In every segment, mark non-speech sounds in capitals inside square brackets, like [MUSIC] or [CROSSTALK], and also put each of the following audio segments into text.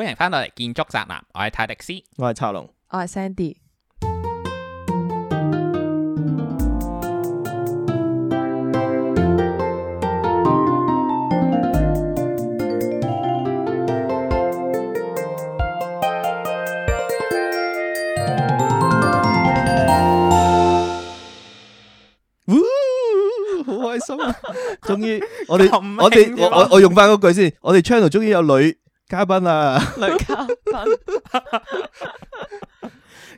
歡迎翻到嚟建築宅男，我係泰迪斯，我係策龍，我係 Sandy。好開心啊！終於，我哋我哋我我用翻嗰句先，我哋 channel 終於有女。嘉賓啊，女嘉賓。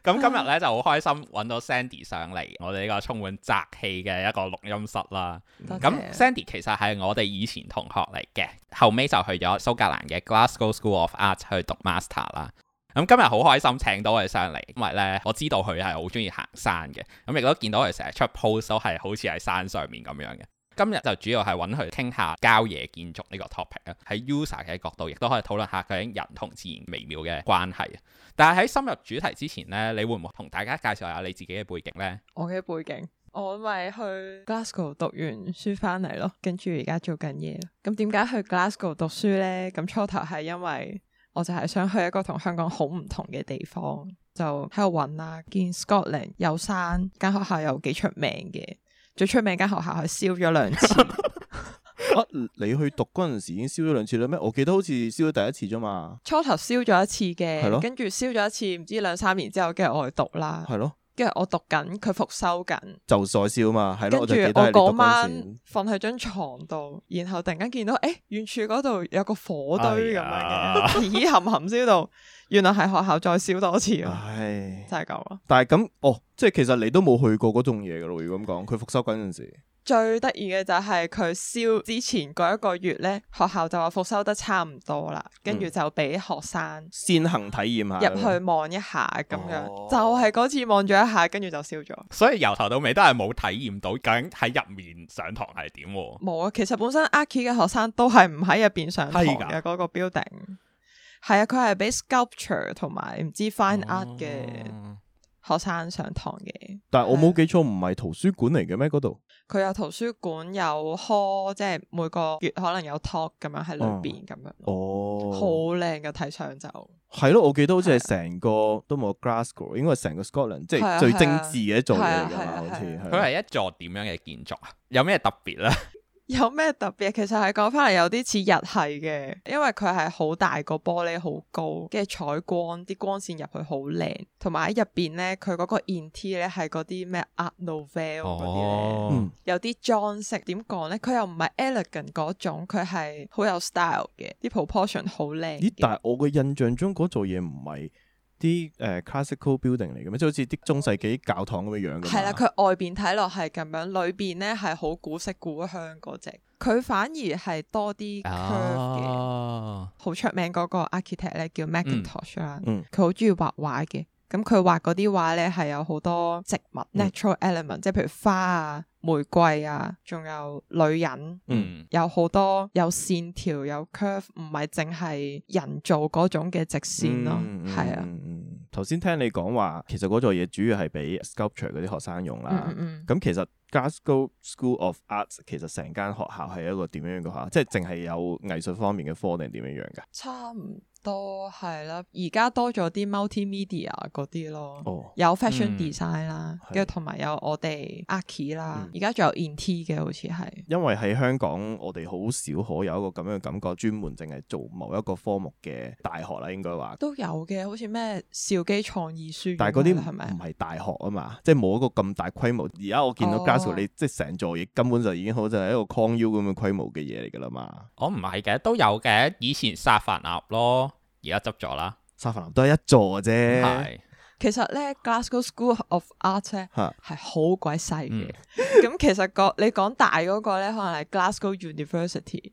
咁今日咧，就好開心揾到 Sandy 上嚟，我哋呢個充滿宅氣嘅一個錄音室啦。咁 Okay . Sandy 其實係我哋以前同學嚟嘅，後尾就去咗蘇格蘭嘅 Glasgow School of Art 去讀 master 啦。咁今日好開心請到佢上嚟，因為咧我知道佢係好中意行山嘅，咁亦都見到佢成日出 post 都係好似喺山上面咁樣嘅。今日就主要係揾佢傾下郊野建築呢個 topic 啊，喺 user 嘅角度亦都可以討論下佢哋人同自然微妙嘅關係。但係喺深入主題之前呢，你會唔會同大家介紹下你自己嘅背景呢？我嘅背景，我咪去 Glasgow 讀完書翻嚟咯，跟住而家做緊嘢。咁點解去 Glasgow 讀書呢？咁初頭係因為我就係想去一個同香港好唔同嘅地方，就喺度揾啊，見 Scotland 有山，間學校又幾出名嘅。最出名間學校係燒咗兩次。啊，你去讀嗰陣時已經燒咗兩次啦咩？我記得好似燒咗第一次啫嘛。初頭燒咗一次嘅，跟住燒咗一次，唔知兩三年之後，跟住我去讀啦。係咯，跟住我讀緊，佢復修緊，就再燒嘛，係咯。跟住我嗰晚瞓喺張床度，然後突然間見到，誒，遠處嗰度有個火堆咁樣嘅，咦，含含燒到。原來係學校再燒多次，唉，真係咁啊！但係咁哦，即係其實你都冇去過嗰種嘢噶咯，如果咁講，佢復修嗰陣時。最得意嘅就係佢燒之前嗰一個月咧，學校就話復修得差唔多啦，跟住就俾學生、嗯、先行體驗下入去望一下咁、哦、樣，就係、是、嗰次望咗一下，跟住就燒咗。所以由頭到尾都係冇體驗到究竟喺入面上堂係點喎？冇啊！其實本身 Aki 嘅學生都係唔喺入邊上堂嘅嗰個 building。的係啊，佢係俾 sculpture 同埋唔知 fine art 嘅學生上堂嘅、哦。但係我冇記錯，唔係圖書館嚟嘅咩？嗰度佢有圖書館，有 co，即係每個月可能有 talk 咁樣喺裏邊咁、哦、樣。哦，好靚嘅睇相就係咯，我記得好似係成個的都冇 glasgow，應該係成個 Scotland，的的即係最精致嘅一座嚟好似。佢係一座點樣嘅建築啊？有咩特別咧？的 [LAUGHS] 有咩特別？其實係講翻嚟有啲似日系嘅，因為佢係好大個玻璃，好高，跟住採光，啲光線入去好靚。同埋喺入邊咧，佢嗰個 interior 咧係嗰啲咩 Art Nouveau 嗰啲咧，哦、有啲裝飾。點講咧？佢又唔係 elegant 嗰種，佢係好有 style 嘅，啲 proportion 好靚。咦？但係我嘅印象中嗰座嘢唔係。啲誒、呃、classical building 嚟嘅咩，即好似啲中世紀教堂咁嘅樣嘅。係啦，佢外邊睇落係咁樣，裏邊咧係好古色古香嗰隻。佢反而係多啲 curve 嘅。好出、啊、名嗰個 architect 咧叫 Mackintosh，佢好中、嗯、意、嗯、畫畫嘅。咁佢畫嗰啲畫咧係有好多植物、嗯、（natural element），即係譬如花啊、玫瑰啊，仲有女人，嗯、有好多有線條有 curve，唔係淨係人造嗰種嘅直線咯，係、嗯嗯、啊。頭先聽你講話，其實嗰座嘢主要係俾 sculpture 嗰啲學生用啦。咁其實。嗯嗯 Glasgow School of Arts 其實成間學校係一個點樣嘅學校？即係淨係有藝術方面嘅科定點樣樣嘅？差唔多係啦，而家多咗啲 multimedia 嗰啲咯，哦有 fashion、嗯、design 啦，跟住同埋有我哋 Archi 啦，而家仲有 int 嘅好似係，因為喺香港，我哋好少可有一個咁樣嘅感覺專門淨係做某一個科目嘅大學啦，應該話都有嘅，好似咩兆基創意書那吧，院，但係嗰啲唔係大學啊嘛，即係冇一個咁大規模。而家我見到你、嗯、即係成座嘢，根本就已經好似係一個康幺咁嘅規模嘅嘢嚟噶啦嘛？我唔係嘅，都有嘅。以前沙弗納咯，而家執咗啦。沙弗納都係一座啫。係、嗯，其實咧 Glasgow School of Art 咧係好鬼細嘅。咁其實個你講大嗰個咧，可能係 Glasgow University。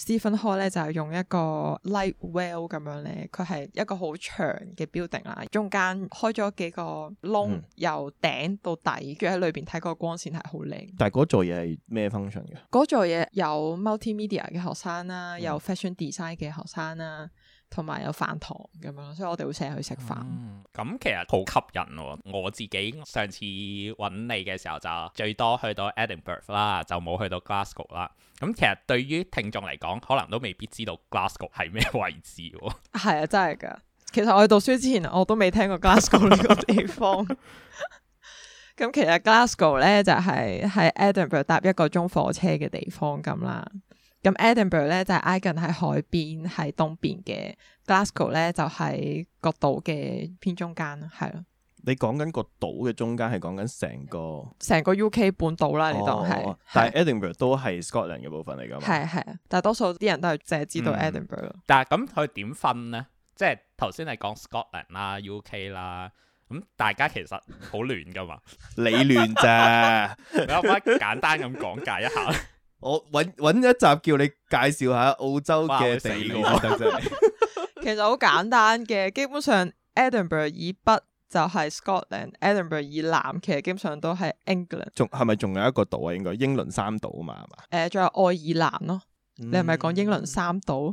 Steven Holl 呢就係、是、用一個 light well 咁樣咧，佢係一個好長嘅 building 啦，中間開咗幾個窿，嗯、由頂到底，跟住喺裏邊睇個光線係好靚。但係嗰座嘢係咩 function 嘅？嗰座嘢有 multimedia 嘅學生啦，有 fashion design 嘅學生啦。嗯同埋有飯堂咁樣，所以我哋會成日去食飯。咁、嗯、 [MUSIC] 其實好吸引喎、哦！我自己上次揾你嘅時候就最多去到 Edinburgh 啦，就冇去到 Glasgow 啦。咁其實對於聽眾嚟講，可能都未必知道 Glasgow 係咩位置喎。係啊，真係㗎！其實我去讀書之前我都未聽過 Glasgow 呢個地方。咁 [LAUGHS] [LAUGHS] 其實 Glasgow 呢，就係、是、喺 Edinburgh 搭一個鐘火車嘅地方咁啦。咁 Edinburgh 咧就挨近喺海邊，喺東邊嘅 Glasgow 咧就喺、是、個島嘅偏中間，係咯。你講緊個島嘅中間係講緊成個成個 UK 半島啦，你當係。但係 Edinburgh 都係 Scotland 嘅部分嚟噶嘛。係係、嗯嗯，但係多數啲人都係淨係知道 Edinburgh。但係咁佢點分咧？即係頭先係講 Scotland 啦、UK 啦，咁大家其實好亂噶嘛， [LAUGHS] 你亂啫， [LAUGHS] [LAUGHS] 你可唔可以簡單咁講解一下？我揾揾一集叫你介紹下澳洲嘅地理喎，真係。我其實好簡單嘅，基本上 Edinburgh 以北就係 Scotland，Edinburgh 以南其實基本上都係 England。仲係咪仲有一個島啊？應該英倫三島啊嘛，係嘛、呃？誒，仲有愛爾蘭咯。嗯、你係咪講英倫三島？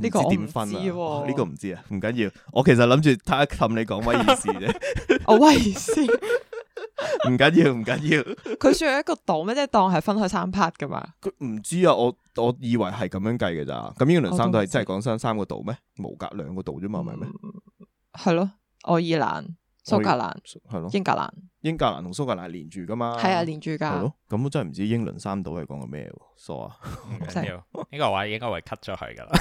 呢、嗯、個點分啊？呢、哦這個唔知啊，唔緊要。我其實諗住睇下氹你講威爾士啫。哦， [LAUGHS] 威爾士。唔緊要，唔緊要。佢算係一個島咩？即係當係分開三 part 噶嘛？佢唔知啊，我我以為係咁樣計嘅咋。咁英倫三島係真係講真三個島咩？毛隔兩個島啫嘛，係咪咩？係咯，愛爾蘭、蘇格蘭係咯，英格蘭、英格蘭同蘇格蘭連住噶嘛？係啊，連住噶。咁我真係唔知英倫三島係講緊咩？傻、so, 啊！唔緊要，呢個位應該會 cut 咗係噶啦。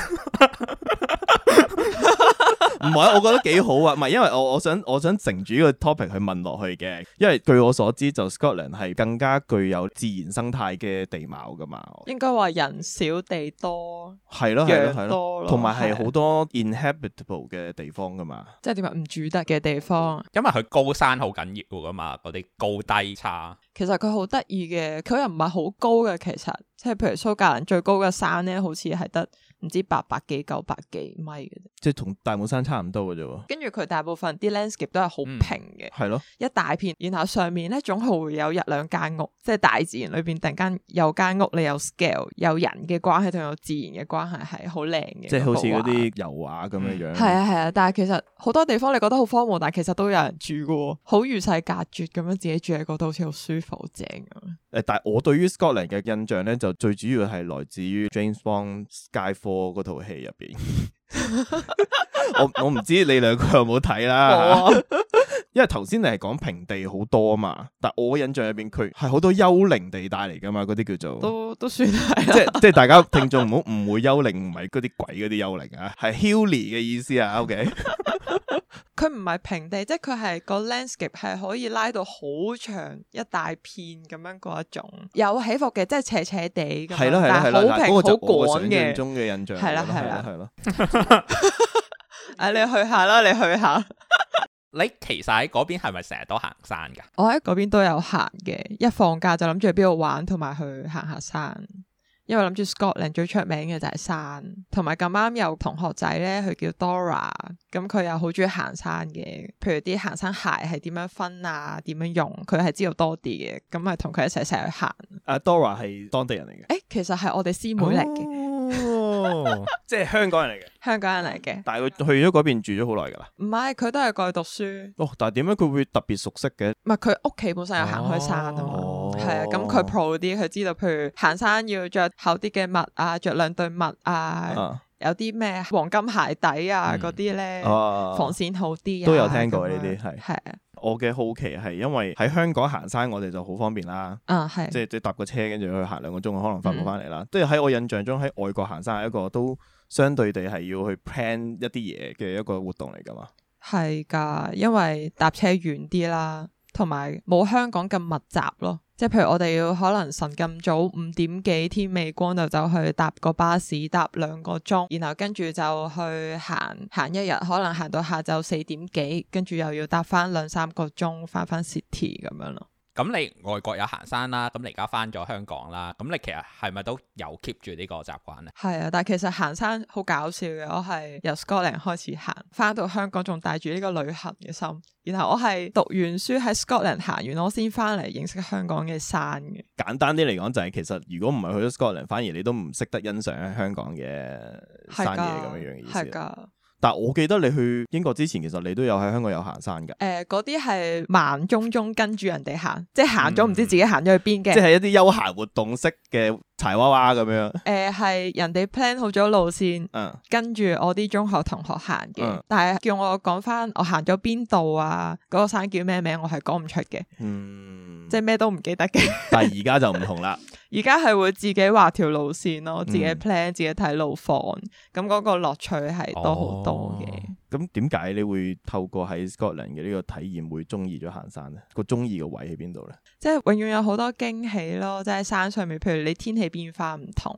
唔係， [LAUGHS] 我覺得幾好啊！唔係因為我我想我想承住呢個 topic 去問落去嘅，因為據我所知就 Scotland 係更加具有自然生態嘅地貌噶嘛。應該話人少地多，係咯係咯係咯，同埋係好多，多 inhabitable 嘅地方噶嘛。即係點啊？唔住得嘅地方。因為佢高山好緊要噶嘛，嗰啲高低差。其實佢好得意嘅，佢又唔係好高嘅。其實即係譬如蘇格蘭最高嘅山咧，好似係得唔知八百幾、九百幾米嘅啫。即係同大帽山差唔多嘅啫。跟住佢大部分啲 landscape 都係好平嘅，係咯、嗯，一大片。然後上面咧，總係會有一兩間屋，即係大自然裏邊突然間有間屋，你有 scale，有人嘅關係同有自然嘅關係係好靚嘅。即係好似嗰啲油畫咁樣、嗯、樣。係啊係啊，但係其實好多地方你覺得好荒蕪，但係其實都有人住嘅，好與世隔絕咁樣，自己住喺嗰度好似好舒服。好正啊！誒，但係我對於 Scotland 嘅印象咧，就最主要係來自於 James Bond 街貨嗰套戲入邊。我我唔知你兩個有冇睇啦。我啊 [LAUGHS] 因為頭先你係講平地好多嘛，但我印象入邊佢係好多幽靈地帶嚟噶嘛，嗰啲叫做都都算係，即係 [LAUGHS] 即係大家聽眾唔好誤會，幽靈唔係嗰啲鬼嗰啲幽靈啊，係 hilly 嘅意思啊，OK？佢唔係平地，即係佢係個 landscape 係可以拉到好長一大片咁樣嗰一種，有起伏嘅，即係斜斜地，係咯係咯係咯，嗱嗰個就我想象中嘅印象，係啦係啦係咯。啊， [LAUGHS] [LAUGHS] 你去下啦，你去下。你其實喺嗰邊係咪成日都行山噶？我喺嗰邊都有行嘅，一放假就諗住去邊度玩，同埋去行下山。因為諗住 Scotland 最出名嘅就係山，同埋咁啱有同學仔咧，佢叫 Dora，咁佢又好中意行山嘅。譬如啲行山鞋係點樣分啊，點樣用，佢係知道多啲嘅。咁啊，同佢一齊成日去行。啊，Dora 係當地人嚟嘅。誒、欸，其實係我哋師妹嚟嘅。哦哦， [LAUGHS] 即係香港人嚟嘅，香港人嚟嘅。但係佢去咗嗰邊住咗好耐噶啦。唔係，佢都係過去讀書。哦，但係點解佢會特別熟悉嘅？唔係，佢屋企本身有行開山啊嘛。係、哦、啊，咁佢 pro 啲，佢知道，譬如行山要着厚啲嘅襪啊，着兩對襪啊，有啲咩黃金鞋底啊，嗰啲咧，防曬好啲啊。都有聽過呢啲係。係啊。我嘅好奇係因為喺香港行山，我哋就好方便啦，啊、即係即係搭個車跟住去行兩個鐘，可能翻到翻嚟啦。即係喺、嗯、我印象中喺外國行山係一個都相對地係要去 plan 一啲嘢嘅一個活動嚟噶嘛。係㗎，因為搭車遠啲啦，同埋冇香港咁密集咯。即係譬如我哋要可能晨咁早五點幾天未光就走去搭個巴士搭兩個鐘，然後跟住就去行行一日，可能行到下晝四點幾，跟住又要搭翻兩三個鐘翻翻 city 咁樣咯。咁你外國有行山啦，咁你而家翻咗香港啦，咁你其實係咪都有 keep 住呢個習慣咧？係啊，但係其實行山好搞笑嘅，我係由 Scotland 開始行，翻到香港仲帶住呢個旅行嘅心，然後我係讀完書喺 Scotland 行完，我先翻嚟認識香港嘅山嘅。簡單啲嚟講，就係，就係其實如果唔係去咗 Scotland，反而你都唔識得欣賞香港嘅山嘢咁樣樣嘅意思。但我記得你去英國之前，其實你都有喺香港有行山㗎。誒、呃，嗰啲係盲舂舂跟住人哋行，即係行咗唔知自己行咗去邊嘅。即係一啲休閒活動式嘅。柴娃娃咁樣、呃，誒係人哋 plan 好咗路線，嗯、跟住我啲中學同學行嘅，但係叫我講翻我行咗邊度啊，嗰、嗰個山叫咩名我，我係講唔出嘅，嗯，即係咩都唔記得嘅。但係而家就唔同啦，而家係會自己畫條路線咯、嗯，自己 plan，自己睇路況，咁嗰個樂趣係多好多嘅。哦咁點解你會透過喺 Scotland 嘅呢個體驗會鍾意咗行山咧？個鍾意嘅位喺邊度咧？即係永遠有好多驚喜咯！即係山上面，譬如你天氣變化唔同，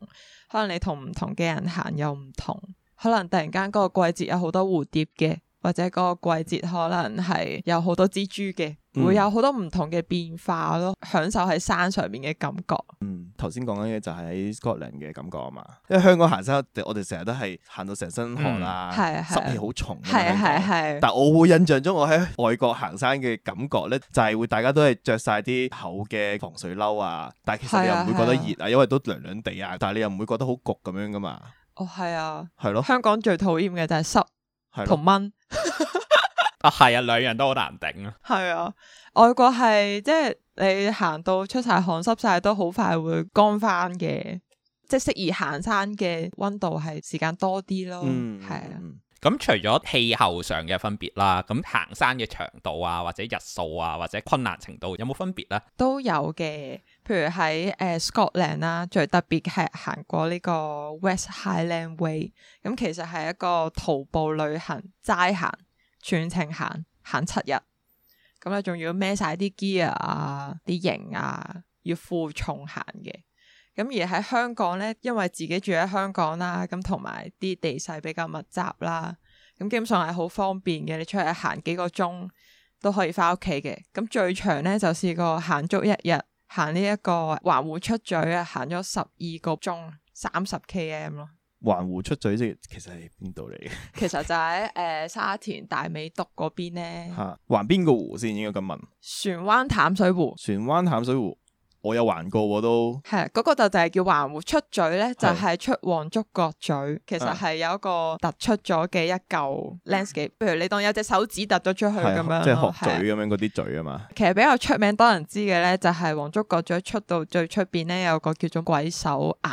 可能你同唔同嘅人行又唔同，可能突然間嗰個季節有好多蝴蝶嘅。或者嗰個季節可能係有好多蜘蛛嘅，會有好多唔同嘅變化咯。享受喺山上面嘅感覺。嗯，頭先講緊嘅就係喺 Scotland 嘅感覺啊嘛。因為香港行山，我哋成日都係行到成身汗啦，濕氣好重。係係係。但我會印象中，我喺外國行山嘅感覺呢，就係會大家都係着晒啲厚嘅防水褸啊。但其實你又唔會覺得熱啊？因為都涼涼地啊。但係你又唔會覺得好焗咁樣噶嘛？哦，係啊，係咯。香港最討厭嘅就係濕。是同蚊，啊係啊，兩樣都好難頂啊。係 [LAUGHS] 啊，外國係即係你行到出晒汗濕晒都好快會乾翻嘅，即係適宜行山嘅温度係時間多啲咯。係、嗯、啊，咁、嗯、除咗氣候上嘅分別啦，咁行山嘅長度啊，或者日數啊，或者困難程度有冇分別咧？都有嘅。譬如喺誒 Scotland 啦，最特別係行過呢個 West Highland Way，咁其實係一個徒步旅行，齋行全程行行七日，咁咧仲要孭晒啲 gear 啊，啲、啊、營啊，啊，要負重行嘅。咁而喺香港咧，因為自己住喺香港啦，咁同埋啲地勢比較密集啦，咁基本上係好方便嘅。你出去行幾個鐘都可以翻屋企嘅。咁最長咧就試過行足一日。行呢、這、一個環湖出咀啊，行咗十二個鐘，三十 km 咯。環湖出咀即係其實係邊度嚟？其實，其實就喺誒、呃、沙田大美督嗰邊咧。吓環邊個湖先？應該咁問。船灣淡水湖。船灣淡水湖。我有環過，我都係嗰、啊那個就就係叫環湖出嘴咧，就係、是、出黃竹角嘴，其實係有一個突出咗嘅一嚿 landscape，譬、啊、如你當有隻手指突咗出去咁樣，即係學嘴咁樣嗰啲嘴啊嘛。其實比較出名、多人知嘅咧，就係黃竹角嘴出到最出邊咧，有個叫做鬼手岩。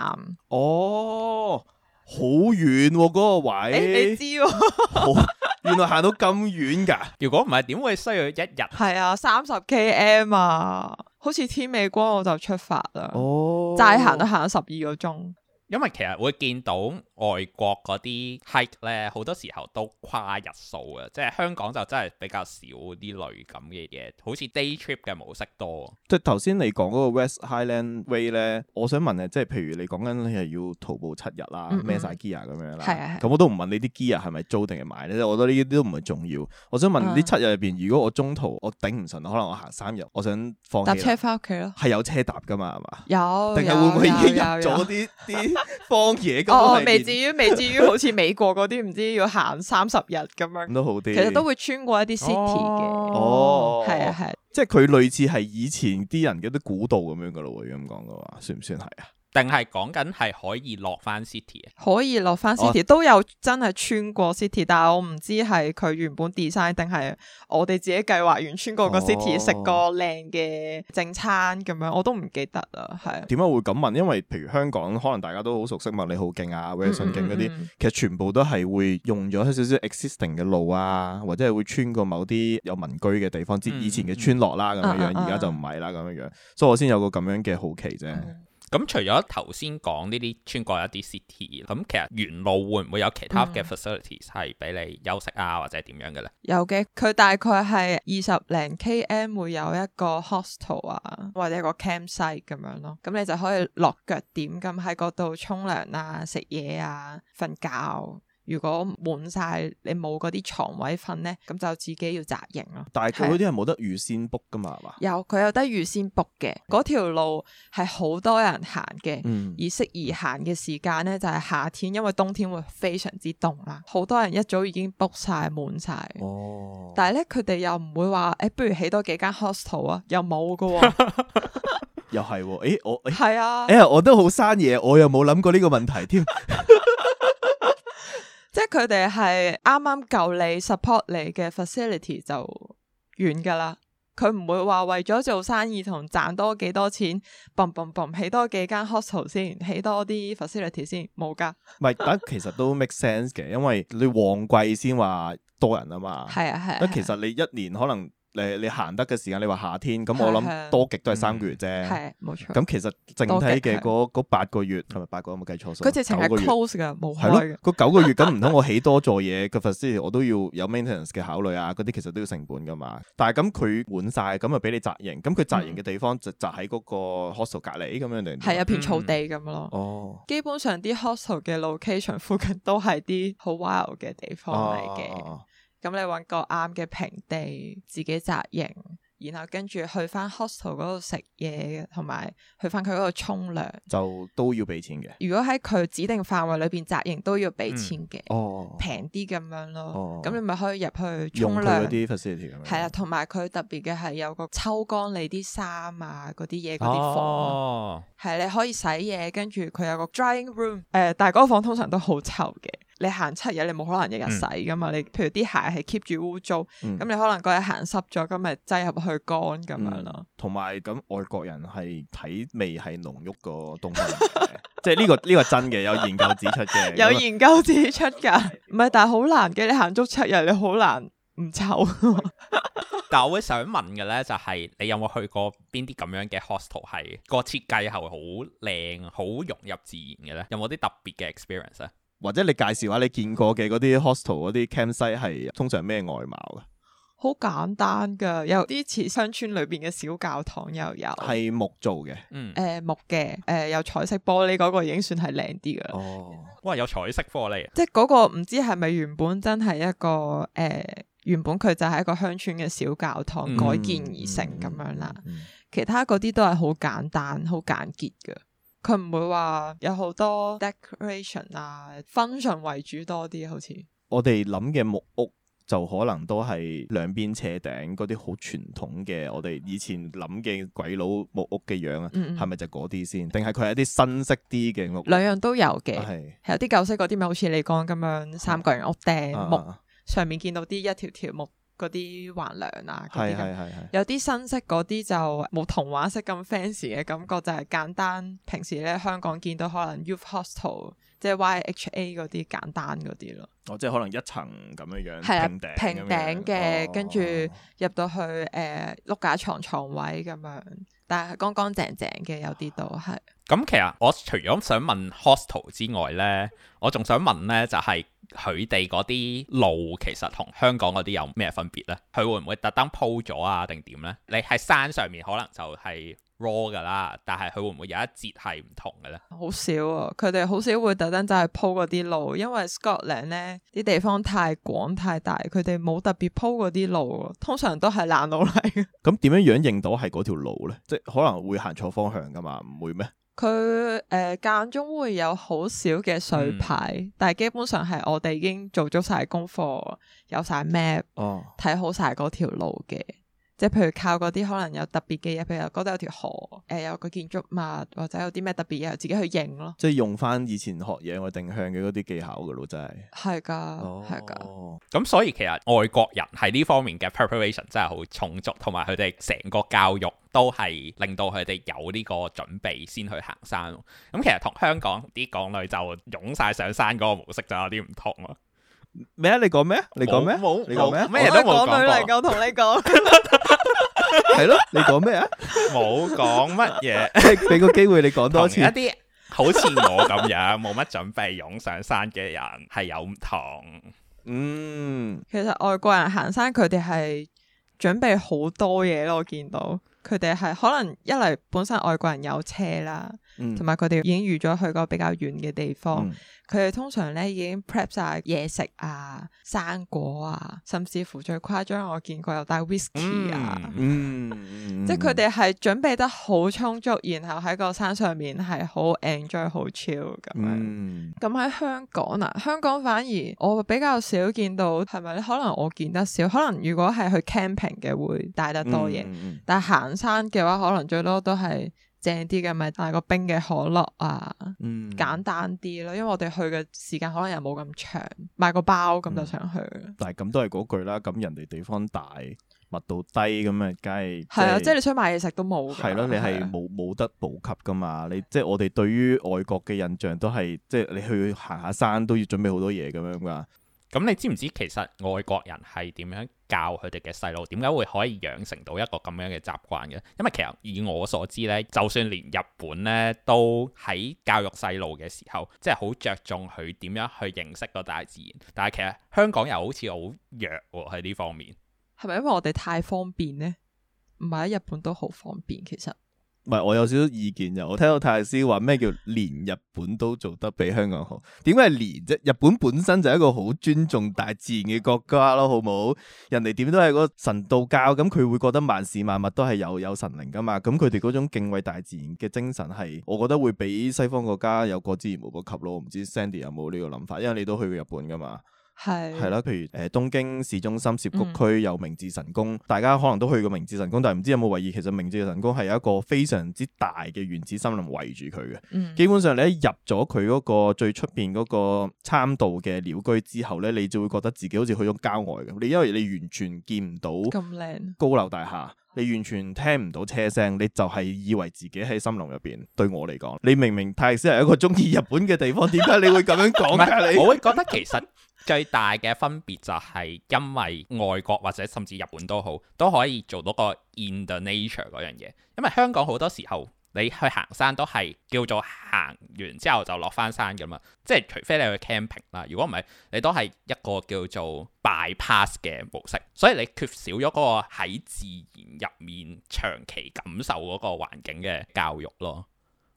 哦，好遠嗰個位、欸，你知、啊 [LAUGHS] ？原來行到咁遠噶？如果唔係，點會需要一日？係啊，三十 km 啊！ [LAUGHS] 好似天未光我就出發啦，再、oh. 行都行咗十二個鐘，因為其實會見到。外國嗰啲 hike 咧，好多時候都跨日數嘅，即係香港就真係比較少啲類咁嘅嘢，好似 day trip 嘅模式多。即係頭先你講嗰個 West Highland Way 咧，我想問咧，即係譬如你講緊係要徒步七日啦，孭晒 gear 咁樣啦，咁我都唔問你啲 gear 係咪租定係買咧，我覺得呢啲都唔係重要。我想問呢七日入邊，嗯、如果我中途我頂唔順，可能我行三日，我想放車翻屋企咯，係有車搭噶嘛，係嘛？有，定係會唔會已經入咗啲啲荒野咁？ [LAUGHS] 至於未至於好似美國嗰啲唔知要行三十日咁樣，都好啲。其實都會穿過一啲 city 嘅。哦，係啊係，啊即係佢類似係以前啲人嗰啲古道咁樣噶咯喎。咁講嘅話，算唔算係啊？定係講緊係可以落翻 city 可以落翻 city、oh, 都有真係穿過 city，但係我唔知係佢原本 design 定係我哋自己計劃完穿過個 city 食個靚嘅正餐咁樣，我都唔記得啦。係點解會咁問？因為譬如香港可能大家都好熟悉，麥理浩徑啊，衛奕信徑嗰啲，mm, mm, mm, mm. 其實全部都係會用咗一少少 existing 嘅路啊，或者係會穿過某啲有民居嘅地方，即以前嘅村落啦咁樣樣，而家、mm, mm. 就唔係啦咁樣樣，uh, uh, uh. 所以我先有個咁樣嘅好奇啫。Mm. 咁、嗯嗯、除咗頭先講呢啲穿過一啲 city，咁其實沿路會唔會有其他嘅 facilities 係俾、嗯、你休息啊或者點樣嘅咧？有嘅，佢大概係二十零 km 會有一個 hostel 啊或者一個 campsite 咁樣咯，咁、嗯、你就可以落腳點咁喺嗰度沖涼啊、食嘢啊、瞓覺。如果滿晒，你冇嗰啲床位瞓咧，咁就自己要紮營咯。但係佢嗰啲係冇得預先 book 噶嘛，係嘛？有，佢有得預先 book 嘅。嗰條路係好多人行嘅，嗯，而適宜行嘅時間咧就係、是、夏天，因為冬天會非常之凍啦。好多人一早已經 book 晒滿晒。滿。哦。但係咧，佢哋又唔會話，誒、欸，不如起多幾間 hostel 啊？又冇噶喎， [LAUGHS] [LAUGHS] 又係、哦，誒、欸，我，係、欸、啊，誒、欸，我都好生嘢，我又冇諗過呢個問題添。 [LAUGHS] 即係佢哋係啱啱夠你 support 你嘅 facility 就完噶啦，佢唔會話為咗做生意同賺多幾多錢，嘣嘣嘣起多幾間 hostel 先，起多啲 facility 先，冇噶。唔 [LAUGHS] 係，但其實都 make sense 嘅，因為你旺季先話多人啊嘛，係啊係。啊。啊其實你一年可能。你你行得嘅時間，你話夏天，咁我諗多極都係三個月啫。係冇錯。咁其實整體嘅嗰嗰八個月係咪八個有冇計錯數？嗰直情 close 噶，冇係咯。個九個月咁唔通我起多座嘢，個設施我都要有 maintenance 嘅考慮啊，嗰啲其實都要成本噶嘛。但係咁佢滿晒，咁啊俾你紮營。咁佢紮營嘅地方就就喺嗰個 hostel 隔籬咁樣定係一片草地咁咯、嗯。哦。基本上啲 hostel 嘅 location 附近都係啲好 wild 嘅地方嚟嘅。啊咁你揾個啱嘅平地自己紮營，然後跟住去翻 hostel 嗰度食嘢，同埋去翻佢嗰度沖涼，就都要俾錢嘅。如果喺佢指定範圍裏邊紮營都要俾錢嘅，嗯，哦，平啲咁樣咯。咁，哦、你咪可以入去沖涼嗰啲 facility 咁樣。係啦，同埋佢特別嘅係有個抽乾你啲衫啊，嗰啲嘢嗰啲房，係你、哦、可以洗嘢，跟住佢有個 drying room，呃。誒，但係個房通常都好臭嘅。你行七日，你冇可能日日洗噶嘛？嗯、你譬如啲鞋係 keep 住污糟，咁、嗯、你可能嗰日行濕咗，咁咪擠入去乾咁樣咯。同埋咁外國人係體味係濃郁過東方， [LAUGHS] 即係、這、呢個呢、這個真嘅，有研究指出嘅。 [LAUGHS] 有研究指出噶，唔 [LAUGHS] 係，但係好難嘅。你行足七日，你好難唔臭。 [LAUGHS] 但係我會想問嘅咧、就是，就係你有冇去過邊啲咁樣嘅 hostel，係個設計係好靚、好融入自然嘅咧？有冇啲特別嘅 experience 啊？或者你介紹下你見過嘅嗰啲 hostel 嗰啲 campsite 係通常咩外貌嘅？好簡單㗎，有啲似鄉村裏邊嘅小教堂又有，係木做嘅，嗯，誒、呃、木嘅，誒有彩色玻璃嗰個已經算係靚啲㗎喇。哦，哇，有彩色玻璃，即係嗰個唔知係咪原本真係一個誒、呃，原本佢就係一個鄉村嘅小教堂、嗯、改建而成咁樣啦。嗯、其他嗰啲都係好簡單、好簡潔嘅。佢唔會話有好多 decoration 啊，function 為主多啲，好似我哋諗嘅木屋就可能都係兩邊斜頂嗰啲好傳統嘅，我哋以前諗嘅鬼佬木屋嘅樣啊，係咪、嗯嗯、就嗰啲先？定係佢係一啲新式啲嘅屋？兩樣都有嘅，係、啊、是有啲舊式嗰啲咪好似你講咁樣，三個人屋頂、啊、木上面見到啲一條條木。嗰啲橫梁啊，嗰啲咁，係係係係，有啲新式嗰啲就冇童話式咁 fancy 嘅感覺，就係、係、簡單。平時咧香港見到可能 Youth Hostel，即係 YHA 嗰啲簡單嗰啲咯。哦，即係可能一層咁樣樣，平、啊、頂平頂嘅，跟住、哦、入到去誒碌、呃、架床床床位咁樣，但係乾乾淨淨嘅，有啲都係。咁、啊、其實我除咗想問 hostel 之外咧， [LAUGHS] 我仲想問咧就係、係。佢哋嗰啲路其實同香港嗰啲有咩分別呢？佢會唔會特登鋪咗啊？定點呢？你喺山上面可能就係 raw 噶啦，但係佢會唔會有一節係唔同嘅呢？好少，啊，佢哋好少會特登就係鋪嗰啲路，因為 Scotland 呢啲地方太廣太大，佢哋冇特別鋪嗰啲路，通常都係爛路嚟。咁點樣樣認到係嗰條路呢？即係可能會行錯方向噶嘛？唔會咩？佢誒間中會有好少嘅水牌，嗯、但係基本上係我哋已經做足晒功課，有晒 map，哦，睇好晒嗰條路嘅。即係譬如靠嗰啲可能有特別嘅嘢，譬如講度有條河，誒、呃，有個建築物或者有啲咩特別嘢，自己去認咯。即係用翻以前學嘢我定向嘅嗰啲技巧噶咯，真係。係噶係噶咁所以其實外國人喺呢方面嘅 preparation 真係好充足，同埋佢哋成個教育都係令到佢哋有呢個準備先去行山。咁其實同香港啲港女就湧晒上山嗰個模式就有啲唔同咯。咩？你講咩？你講咩？冇。你講咩？咩都港女嚟夠同你講。 [LAUGHS] 係咯， [LAUGHS] 你講咩啊？冇講乜嘢，俾 [LAUGHS] [LAUGHS] 個機會你講多次一啲， [LAUGHS] 好似我咁樣冇乜準備，湧上山嘅人係有唔同。嗯，其實外國人行山，佢哋係準備好多嘢咯。我見到佢哋係可能一嚟，本身外國人有車啦。同埋佢哋已經預咗去個比較遠嘅地方，佢哋、嗯、通常咧已經 prep 曬嘢食啊、生果啊，甚至乎最誇張我見過有帶 whisky 啊，即係佢哋係準備得好充足，然後喺個山上面係好 enjoy 好 chill 咁樣。咁喺、嗯、香港啊，香港反而我比較少見到，係咪咧？可能我見得少，可能如果係去 camping 嘅會帶得多嘢，嗯嗯嗯、但係行山嘅話，可能最多都係。正啲嘅，咪、就、帶、是、個冰嘅可樂啊，嗯、簡單啲咯。因為我哋去嘅時間可能又冇咁長，買個包咁就上去、嗯。但係咁都係嗰句啦，咁人哋地方大，密度低，咁、就是、啊，梗係係啊，即係你出去買嘢食都冇。係咯，你係冇冇得補給㗎嘛？啊、你即係、就是、我哋對於外國嘅印象都係，即、就、係、是、你去行下山都要準備好多嘢咁樣㗎。咁你知唔知其實外國人係點樣教佢哋嘅細路？點解會可以養成到一個咁樣嘅習慣嘅？因為其實以我所知呢，就算連日本呢，都喺教育細路嘅時候，即係好着重佢點樣去認識個大自然。但係其實香港又好似好弱喎，喺呢方面。係咪因為我哋太方便呢？唔係，喺日本都好方便，其實。唔係，我有少少意見就我聽到泰師話咩叫連日本都做得比香港好？點解係連啫？日本本身就係一個好尊重大自然嘅國家咯，好冇？人哋點都係個神道教，咁佢會覺得萬事萬物都係有有神靈噶嘛？咁佢哋嗰種敬畏大自然嘅精神係，我覺得會比西方國家有過之而無不及咯。我唔知 Sandy 有冇呢個諗法？因為你都去過日本噶嘛。係係啦，譬是如誒，東京市中心涉谷區有明治神宮，嗯、大家可能都去過明治神宮，但係唔知有冇留意。其實明治神宮係有一個非常之大嘅原始森林圍住佢嘅。嗯、基本上你一入咗佢嗰個最出邊嗰個參道嘅鳥居之後呢，你就會覺得自己好似去咗郊外咁。你因為你完全見唔到咁靚高樓大廈，你完全聽唔到車聲，你就係以為自己喺森林入邊。對我嚟講，你明明泰斯係一個中意日本嘅地方，點解 [LAUGHS] 你會咁樣講？ [LAUGHS] 是你我會覺得其實。最大嘅分別就係因為外國或者甚至日本都好都可以做到個 in the nature 嗰樣嘢，因為香港好多時候你去行山都係叫做行完之後就落返山㗎嘛，即係除非你去 camping 啦，如果唔係你都係一個叫做 bypass 嘅模式，所以你缺少咗嗰個喺自然入面長期感受嗰個環境嘅教育咯。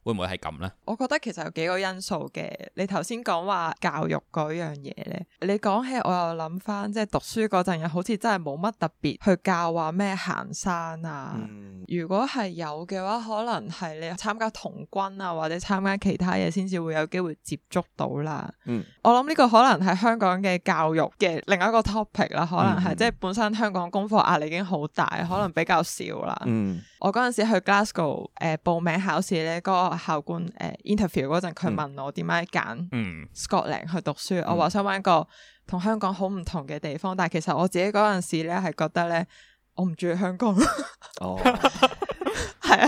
會唔會係咁咧？我覺得其實有幾個因素嘅。你頭先講話教育嗰樣嘢咧，你講起我又諗翻，即係讀書嗰陣又好似真係冇乜特別去教話咩行山啊。嗯、如果係有嘅話，可能係你參加童軍啊，或者參加其他嘢先至會有機會接觸到啦。嗯、我諗呢個可能係香港嘅教育嘅另一個 topic 啦。可能係即係本身香港功課壓力已經好大，嗯、可能比較少啦。嗯、我嗰陣時去 Glasgow、呃、報名考試咧，嗰、嗰個。校官誒、呃、，interview 陣佢問我點解揀 Scotland 去讀書，嗯、我話想搵一個同香港好唔同嘅地方。嗯、但係其實我自己嗰陣時咧，係覺得咧，我唔中意香港。哦，係 [LAUGHS] [LAUGHS]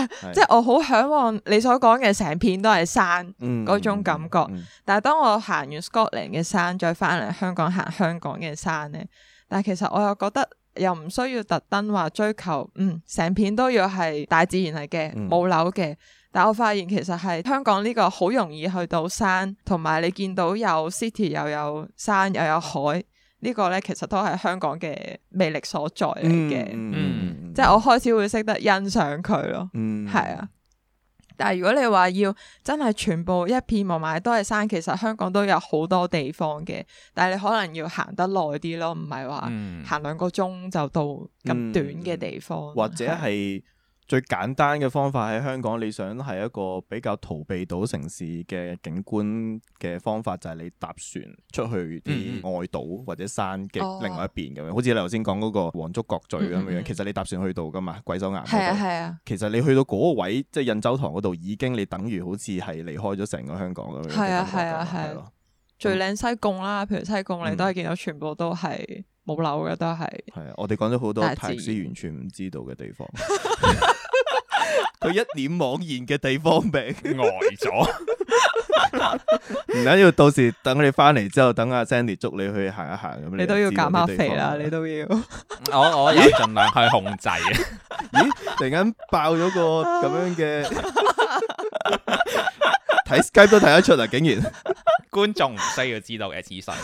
[LAUGHS] 啊，是即係我好向往你所講嘅成片都係山嗰種感覺。嗯嗯嗯、但係當我行完 Scotland 嘅山，再翻嚟香港行香港嘅山咧，但係其實我又覺得又唔需要特登話追求，嗯，成片都要係大自然嚟嘅，冇樓嘅。但我發現其實係香港呢個好容易去到山，同埋你見到有 city 又有，有山又有，有海，這個、呢個咧其實都係香港嘅魅力所在嚟嘅。嗯嗯、即係我開始會識得欣賞佢咯。係、嗯、啊。但係如果你話要真係全部一片霧霾都係山，其實香港都有好多地方嘅，但係你可能要行得耐啲咯，唔係話行兩個鐘就到咁短嘅地方，嗯嗯、或者係。最簡單嘅方法喺香港，你想係一個比較逃避到城市嘅景觀嘅方法，就係你搭船出去啲外島或者山嘅另外一邊咁樣，好似你頭先講嗰個黃竹角咀咁樣。其實你搭船去到㗎嘛，鬼手岩嗰度。係啊係啊。其實你去到嗰個位，即係印洲塘嗰度，已經你等於好似係離開咗成個香港咁樣。係啊係啊係。最靚西貢啦，譬如西貢，你都係見到全部都係冇樓嘅，都係。係啊，我哋講咗好多，啲師完全唔知道嘅地方。佢一臉惘然嘅地方名 [LAUGHS] 呆咗，唔緊要，到時等你翻嚟之後，等阿 Sandy 捉你去行一行咁。你都要減下肥啦，嗯、你都要。 [LAUGHS] 我我要盡量去控制啊！ [LAUGHS] [LAUGHS] 咦，突然間爆咗個咁樣嘅，睇 Skype 都睇得出啊！竟然 [LAUGHS] 觀眾唔需要知道嘅資訊。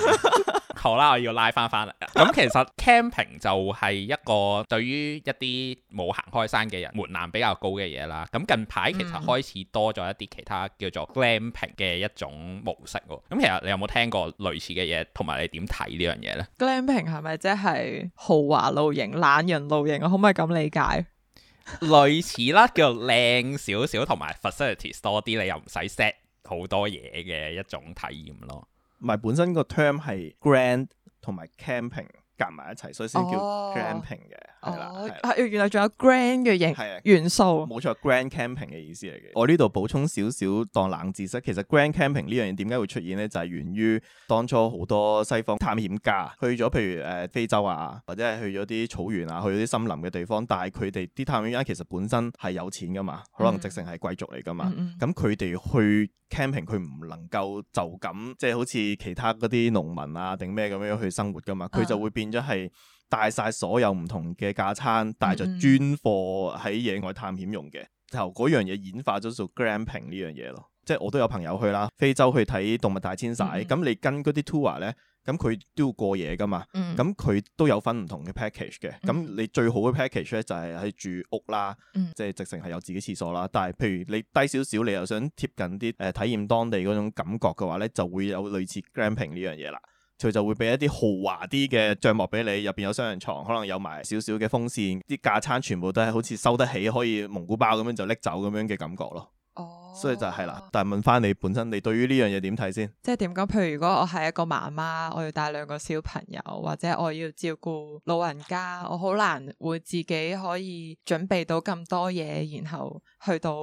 [LAUGHS] 好啦，我要拉翻翻嚟啦。咁 [LAUGHS] 其實 camping 就係一個對於一啲冇行開山嘅人門檻比較高嘅嘢啦。咁近排其實開始多咗一啲其他叫做 glamping 嘅一種模式喎、喔。咁其實你有冇聽過類似嘅嘢，同埋你點睇呢樣嘢呢？Glamping 係咪即係豪華露營、懶人露營？我可唔可以咁理解？ [LAUGHS] 類似啦，叫靚少少，同埋 facilities 多啲，你又唔使 set 好多嘢嘅一種體驗咯。咪本身個 term 係 grand 同埋 camping 夾埋一齊，所以先叫 glamping 嘅、哦，係啦，係。哦、了原來仲有 grand 嘅型元素，冇錯，glamping 嘅意思嚟嘅。我呢度補充少少當冷知識，其實 glamping 呢樣嘢點解會出現咧，就係、是、源於當初好多西方探險家去咗，譬如誒、呃、非洲啊，或者係去咗啲草原啊，去咗啲森林嘅地方。但係佢哋啲探險家其實本身係有錢㗎嘛，嗯、可能直情係貴族嚟㗎嘛。咁佢哋去。Camping 佢唔能夠就咁，即係好似其他嗰啲農民啊定咩咁樣去生活噶嘛，佢、uh huh. 就會變咗係帶晒所有唔同嘅架撐，帶着專貨喺野外探險用嘅，uh huh. 就嗰樣嘢演化咗做 glamping 呢樣嘢咯。即係我都有朋友去啦，非洲去睇動物大遷徙。咁、嗯、你跟嗰啲 tour 咧，咁佢都要過夜噶嘛。咁佢、嗯、都有分唔同嘅 package 嘅。咁、嗯、你最好嘅 package 咧就係、是、喺住屋啦，嗯、即係直情係有自己廁所啦。但係譬如你低少少，你又想貼近啲誒、呃、體驗當地嗰種感覺嘅話咧，就會有類似 glamping 呢樣嘢啦。佢就會俾一啲豪華啲嘅帳幕俾你，入邊有雙人床，可能有埋少少嘅風扇，啲架餐全部都係好似收得起可以蒙古包咁樣就拎走咁樣嘅感覺咯。哦，oh. 所以就係啦，但係問翻你本身，你對於呢樣嘢點睇先？即係點講？譬如如果我係一個媽媽，我要帶兩個小朋友，或者我要照顧老人家，我好難會自己可以準備到咁多嘢，然後去到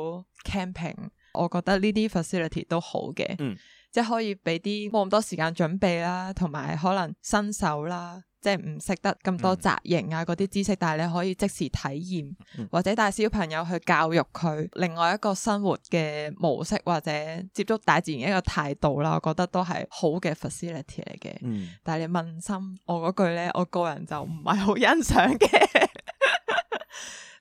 camping。我覺得呢啲 facility 都好嘅，嗯，即係可以俾啲冇咁多時間準備啦，同埋可能新手啦。即係唔識得咁多紮營啊，嗰啲知識，但係你可以即時體驗，或者帶小朋友去教育佢另外一個生活嘅模式，或者接觸大自然一個態度啦。我覺得都係好嘅 facility 嚟嘅。嗯、但係你問心，我嗰句呢，我個人就唔係好欣賞嘅。 [LAUGHS]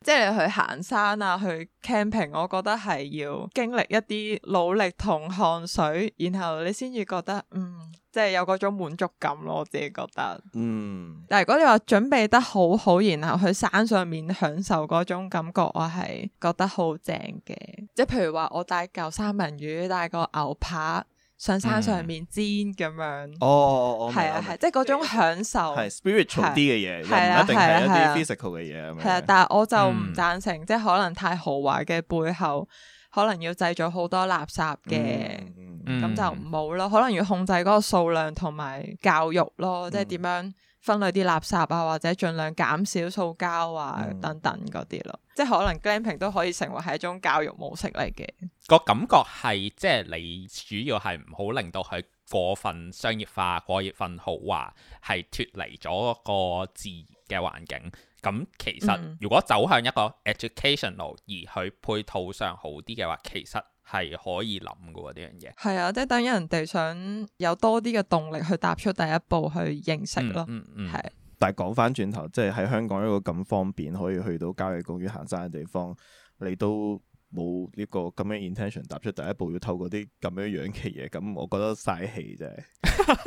即係你去行山啊，去 camping，我覺得係要經歷一啲努力同汗水，然後你先至覺得，嗯，即係有嗰種滿足感咯。我自己覺得，嗯。但係如果你話準備得好好，然後去山上面享受嗰種感覺，我係覺得好正嘅。即係譬如話，我帶嚿三文魚，帶個牛扒。上山上面煎咁樣，哦，哦，哦，係啊，係，即係嗰種享受，係 spiritual 啲嘅嘢，係啊，係啊，係啊，physical 嘅嘢，係啊，但係我就唔贊成，即係可能太豪華嘅背後，可能要製造好多垃圾嘅，咁就唔好咯，可能要控制嗰個數量同埋教育咯，即係點樣？分類啲垃圾啊，或者盡量減少塑膠啊，等等嗰啲咯，即係可能 glamping 都可以成為係一種教育模式嚟嘅。個感覺係即係你主要係唔好令到佢過分商業化、過分豪華，係脫離咗個自然嘅環境。咁其實、嗯、如果走向一個 educational 而佢配套上好啲嘅話，其實。係可以諗嘅喎，呢樣嘢。係啊， [NOISE] 即係等於人哋想有多啲嘅動力去踏出第一步去認識咯，嗯嗯，係、嗯。嗯、是但係講返轉頭，即係喺香港一個咁方便可以去到郊野公園行山嘅地方，你都。冇呢、這個咁嘅 intention 踏出第一步，要透過啲咁樣樣嘅嘢，咁我覺得嘥氣啫。 [LAUGHS]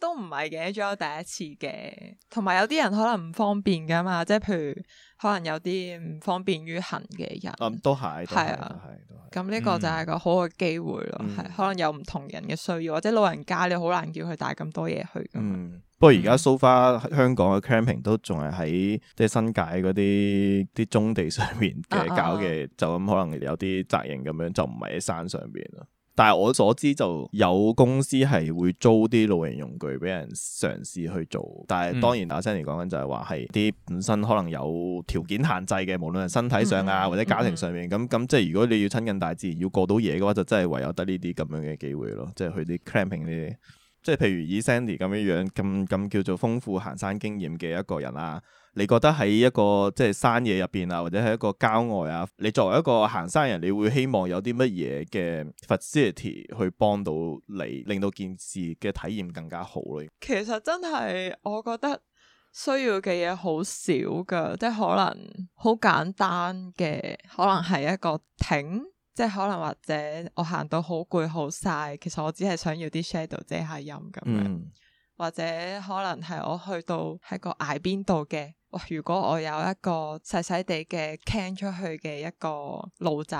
都唔係嘅，仲有第一次嘅，同埋有啲人可能唔方便噶嘛，即係譬如可能有啲唔方便於行嘅人，嗯、都係，係啊，咁呢、嗯、個就係個好嘅機會咯，係、嗯、可能有唔同人嘅需要，或者老人家你好難叫佢帶咁多嘢去噶嘛。嗯不過而家 so far 香港嘅 camping 都仲係喺即係新界嗰啲啲棕地上面嘅搞嘅，啊啊啊就咁可能有啲責任咁樣，就唔係喺山上邊咯。但係我所知就有公司係會租啲露營用具俾人嘗試去做，但係當然大聲嚟講緊就係話係啲本身可能有條件限制嘅，無論係身體上啊、嗯、或者家庭上面咁咁，嗯、即係如果你要親近大自然要過到嘢嘅話，就真係唯有得呢啲咁樣嘅機會咯，即係去啲 camping 呢啲。即係譬如以 Sandy 咁樣樣咁咁叫做豐富行山經驗嘅一個人啊。你覺得喺一個即係山野入邊啊，或者喺一個郊外啊，你作為一個行山人，你會希望有啲乜嘢嘅 facility 去幫到你，令到件事嘅體驗更加好咧？其實真係我覺得需要嘅嘢好少噶，即係可能好簡單嘅，可能係一個艇。即係可能或者我行到好攰好晒，其實我只係想要啲 shadow 遮下陰咁樣，嗯、或者可能係我去到喺個崖邊度嘅、哦，如果我有一個細細地嘅 can 出去嘅一個路仔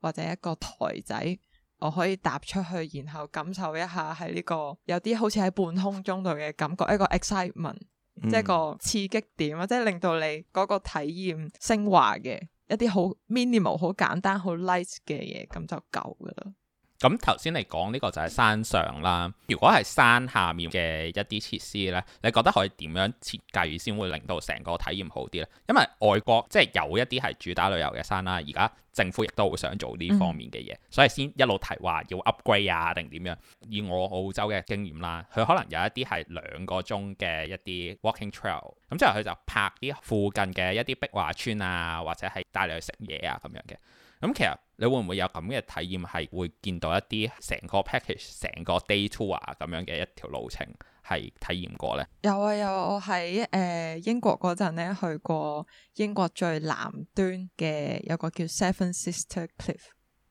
或者一個台仔，我可以踏出去，然後感受一下喺呢、個有啲好似喺半空中度嘅感覺，一個 excitement，、嗯、即係個刺激點啊，即係令到你嗰個體驗升華嘅。一啲好 minimal、好簡單、好 nice 嘅嘢，咁就夠噶啦。咁頭先嚟講呢個就係山上啦，如果係山下面嘅一啲設施呢，你覺得可以點樣設計先會令到成個體驗好啲呢？因為外國即係有一啲係主打旅遊嘅山啦，而家政府亦都會想做呢方面嘅嘢，嗯、所以先一路提話要 upgrade 啊定點樣？以我澳洲嘅經驗啦，佢可能有一啲係兩個鐘嘅一啲 walking trail，咁之後佢就拍啲附近嘅一啲壁畫村啊，或者係帶你去食嘢啊咁樣嘅。咁其實你會唔會有咁嘅體驗係會見到一啲成個 package、成個 day tour 咁樣嘅一條路程係體驗過呢？有啊有啊，我喺誒、呃、英國嗰陣咧去過英國最南端嘅，有個叫 Seven Sister Cliff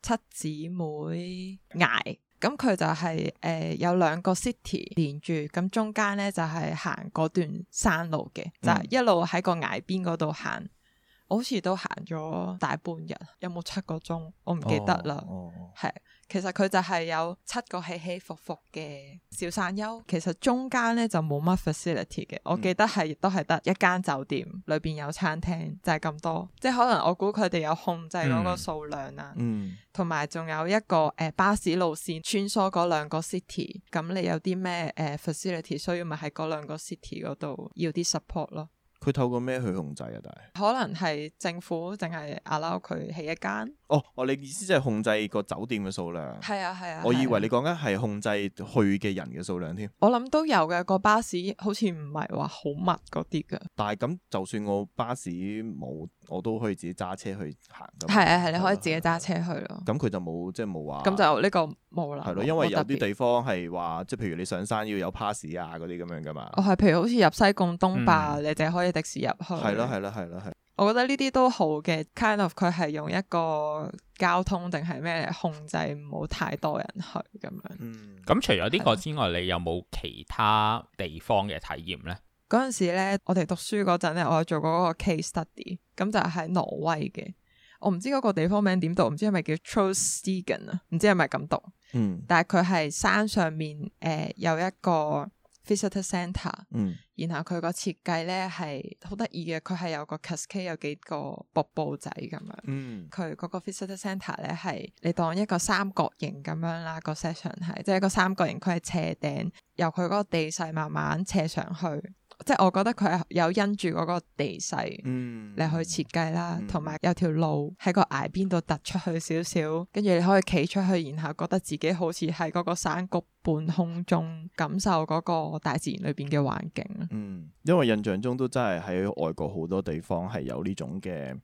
七姊妹崖，咁佢就係、是、誒、呃、有兩個 city 連住，咁中間咧就係行嗰段山路嘅，就係、是、一路喺個崖邊嗰度行。嗯我好似都行咗大半日，有冇七個鐘？我唔記得啦。係、oh, oh, oh.，其實佢就係有七個起起伏伏嘅小山丘。其實中間咧就冇乜 facility 嘅。我記得係、嗯、都係得一間酒店，裏邊有餐廳，就係、是、咁多。即係可能我估佢哋有控制嗰個數量啦、啊。嗯，同埋仲有一個誒、呃、巴士路線穿梭嗰兩個 city。咁你有啲咩誒 facility 需要，咪喺嗰兩個 city 嗰度要啲 support 咯。佢透過咩去控制啊？但係可能係政府定係阿撈佢起一間。哦，哦，你意思即係控制個酒店嘅數量？係啊，係啊。啊我以為你講緊係控制去嘅人嘅數量添。我諗都有嘅，個巴士好似唔係話好密嗰啲㗎。但係咁，就算我巴士冇，我都可以自己揸車去行。係啊係，啊啊啊你可以自己揸車去咯。咁佢就冇即係冇話。咁就呢個冇啦。係咯、啊，因為有啲地方係話，即係譬如你上山要有巴士啊嗰啲咁樣㗎嘛。哦，係，譬如好似入西貢東壩，嗯、你淨係可以的士入去。係啦係啦係啦係。我覺得呢啲都好嘅，kind of 佢係用一個交通定係咩嚟控制，唔好太多人去咁樣。嗯，咁除咗呢個之外，的你有冇其他地方嘅體驗咧？嗰陣時咧，我哋讀書嗰陣咧，我有做過一個 case study，咁就喺挪威嘅。我唔知嗰個地方名點讀，唔知係咪叫 Trollstigen 啊？唔知係咪咁讀？嗯，但係佢係山上面，誒、呃、有一個。Visitor centre，嗯，然後佢個設計咧係好得意嘅，佢係有個 cascade，有幾個瀑布仔咁樣，嗯，佢嗰個 visitor centre 咧係你當一個三角形咁樣啦，個 session 係即係、就是、一個三角形，佢係斜頂，由佢嗰個地勢慢慢斜上去。即係我覺得佢有因住嗰個地勢嚟、嗯、去設計啦，同埋、嗯、有條路喺個崖邊度突出去少少，跟住你可以企出去，然後覺得自己好似喺嗰個山谷半空中，感受嗰個大自然裏邊嘅環境嗯。嗯，因為印象中都真係喺外國好多地方係有呢種嘅。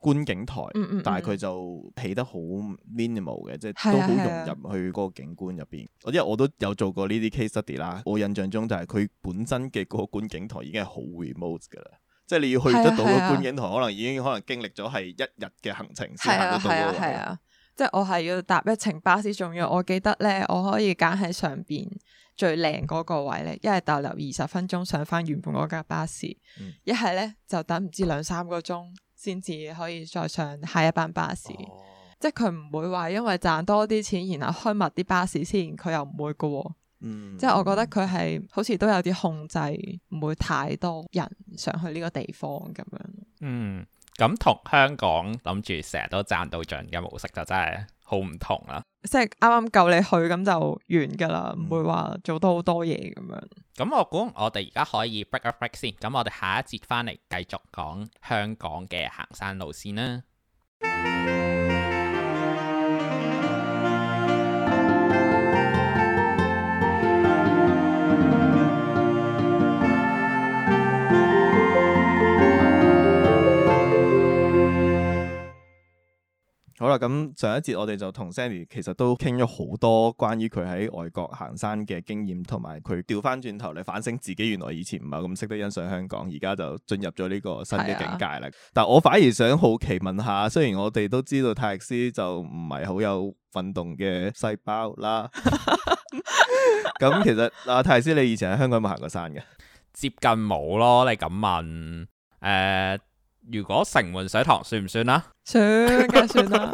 觀景台，但係佢就起得好 minimal 嘅，嗯嗯，即係都好融入去嗰個景觀入邊。啊啊、因為我都有做過呢啲 case study 啦，我印象中就係佢本身嘅嗰個觀景台已經係好 remote 嘅啦，即係你要去得到個觀景台，啊啊、可能已經可能經歷咗係一日嘅行程先去到啊，即係、啊啊啊啊就係、我係要搭一程巴士，仲要我記得咧，我可以揀喺上邊最靚嗰個位咧，一係逗留二十分鐘上翻原本嗰架巴士，一係咧就等唔知兩三個鐘。先至可以再上下一班巴士，哦、即係佢唔會話因為賺多啲錢然後開密啲巴士先，佢又唔會嘅、啊。嗯，即係我覺得佢係好似都有啲控制，嗯、唔會太多人上去呢個地方咁樣。嗯，咁同香港諗住成日都賺到盡嘅模式就真係。好唔同啦、啊，即係啱啱夠你去咁就完噶啦，唔會話做到好多嘢咁樣。咁、嗯、我估我哋而家可以 break a break 先，咁我哋下一節翻嚟繼續講香港嘅行山路線啦。 [MUSIC] 好啦，咁上一節我哋就同 Sandy 其實都傾咗好多關於佢喺外國行山嘅經驗，同埋佢調返轉頭嚟反省自己，原來以前唔係咁識得欣賞香港，而家就進入咗呢個新嘅境界啦。啊、但我反而想好奇問下，雖然我哋都知道泰斯就唔係好有運動嘅細胞啦，咁 [LAUGHS] [LAUGHS] [LAUGHS] 其實啊泰斯你以前喺香港有冇行過山嘅？接近冇咯，你咁問，誒、呃。如果城門水塘算唔算啦、啊？算梗算啦，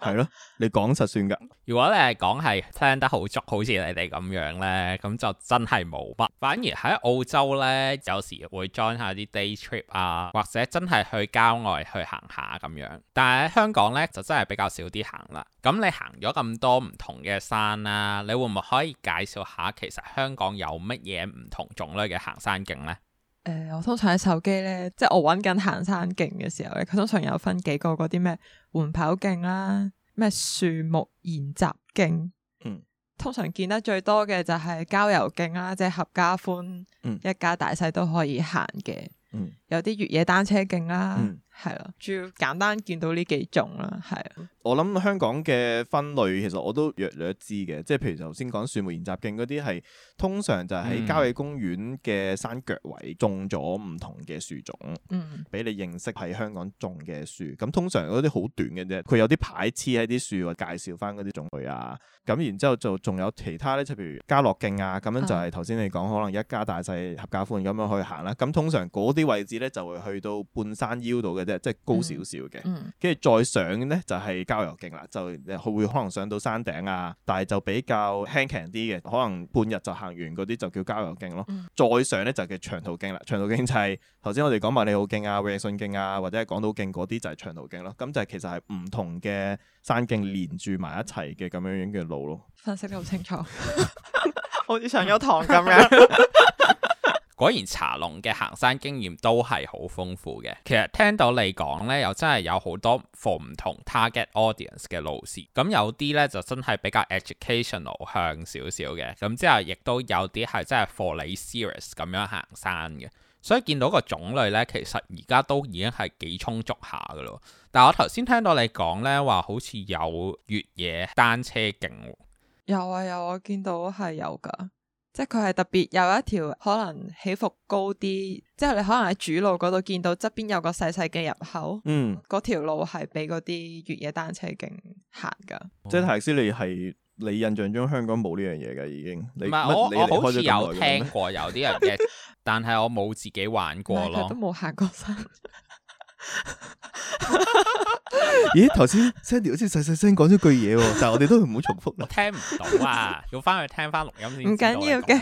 係咯，你講實算噶。如果你係講係聽得好足，好似你哋咁樣呢，咁就真係冇乜。反而喺澳洲呢，有時會 join 下啲 day trip 啊，或者真係去郊外去行下咁樣。但係喺香港呢，就真係比較少啲行啦。咁你行咗咁多唔同嘅山啦、啊，你會唔會可以介紹下，其實香港有乜嘢唔同種類嘅行山徑呢？誒、呃，我通常喺手機咧，即係我揾緊行山徑嘅時候咧，佢通常有分幾個嗰啲咩緩跑徑啦、啊，咩樹木研習徑，嗯，通常見得最多嘅就係郊遊徑啦、啊，即係合家歡，嗯，一家大細都可以行嘅，嗯。有啲越野單車徑啦，係咯，主要簡單見到呢幾種啦，係啊。我諗香港嘅分類其實我都略略知嘅，即係譬如頭先講樹木研習徑嗰啲係通常就喺郊野公園嘅山腳位種咗唔同嘅樹種，嗯，俾你認識喺香港種嘅樹。咁通常嗰啲好短嘅啫，佢有啲牌黐喺啲樹話介紹翻嗰啲種類啊。咁然之後就仲有其他咧，即譬如家樂徑啊，咁樣就係頭先你講可能一家大細合家歡咁樣去行啦。咁通常嗰啲位置。咧就會去到半山腰度嘅啫，即係高少少嘅。跟住再上咧就係郊遊徑啦，就佢會可能上到山頂啊，但係就比較輕強啲嘅，可能半日就行完嗰啲就叫郊遊徑咯。再上咧就叫長途徑啦，長途徑就係頭先我哋講麥理浩徑啊、衛奕信徑啊或者係港島徑嗰啲就係長途徑咯。咁就其實係唔同嘅山徑連住埋一齊嘅咁樣樣嘅路咯。分析得好清楚，好似上咗堂咁樣。果然茶龍嘅行山經驗都係好豐富嘅。其實聽到你講呢，又真係有好多 for 唔同 target audience 嘅路線。咁有啲呢，就真係比較 educational 向少少嘅。咁之後亦都有啲係真係 for 你 serious 咁樣行山嘅。所以見到個種類呢，其實而家都已經係幾充足下噶咯。但我頭先聽到你講呢，話好似有越野單車徑喎。有啊有，啊，見到係有噶。即係佢係特別有一條可能起伏高啲，即係你可能喺主路嗰度見到側邊有個細細嘅入口，嗯，嗰條路係俾嗰啲越野單車勁行噶。嗯、即係頭先你係你印象中香港冇呢樣嘢嘅已經，你，唔係，我，我好似有聽過有啲人嘅， [LAUGHS] 但係我冇自己玩過咯，都冇行過山。 [LAUGHS] [LAUGHS] 咦，頭先 Sandy 好似細細聲講咗句嘢， [LAUGHS] 但係我哋都唔好重複啦。我聽唔到啊， [LAUGHS] 要翻去聽翻錄音先、啊。唔緊要嘅。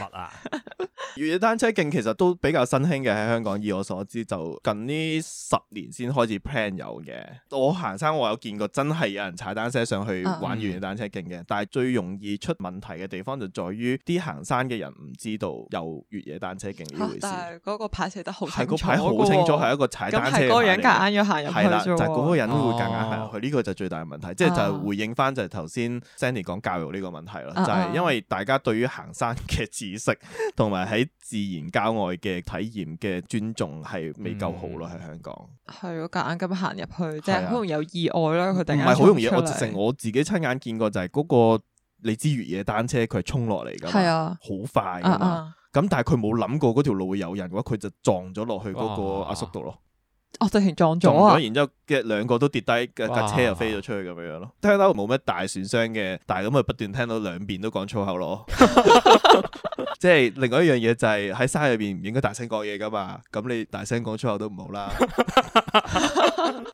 越 [LAUGHS] 野單車徑其實都比較新興嘅，喺香港以我所知，就近呢十年先開始 plan 有嘅。我行山我有見過，真係有人踩單車上去玩越野單車徑嘅。嗯、但係最容易出問題嘅地方就在於啲行山嘅人唔知道有越野單車徑呢回事。啊、但嗰個牌寫得好係、嗰個，嗰牌好清楚，係一個踩單車。嗯夾硬要行入去啫，就係嗰個人會夾硬行入去，呢個就最大嘅問題，即係就係回應翻就係頭先 Sandy 講教育呢個問題咯，就係因為大家對於行山嘅知識同埋喺自然郊外嘅體驗嘅尊重係未夠好咯，喺香港係咯，夾硬咁行入去，即係好容易有意外啦。佢哋唔係好容易，我直情我自己親眼見過，就係嗰個你知越野單車佢係沖落嚟噶，係啊，好快啊，咁但係佢冇諗過嗰條路會有人嘅話，佢就撞咗落去嗰個阿叔度咯。我直情撞咗，撞然之後嘅兩個都跌低架架車又飛咗出去咁樣咯，聽到冇咩大損傷嘅，但係咁咪不斷聽到兩邊都講粗口咯，即係 [LAUGHS] [LAUGHS] 另外一樣嘢就係、是、喺山入邊唔應該大聲講嘢噶嘛，咁你大聲講粗口都唔好啦。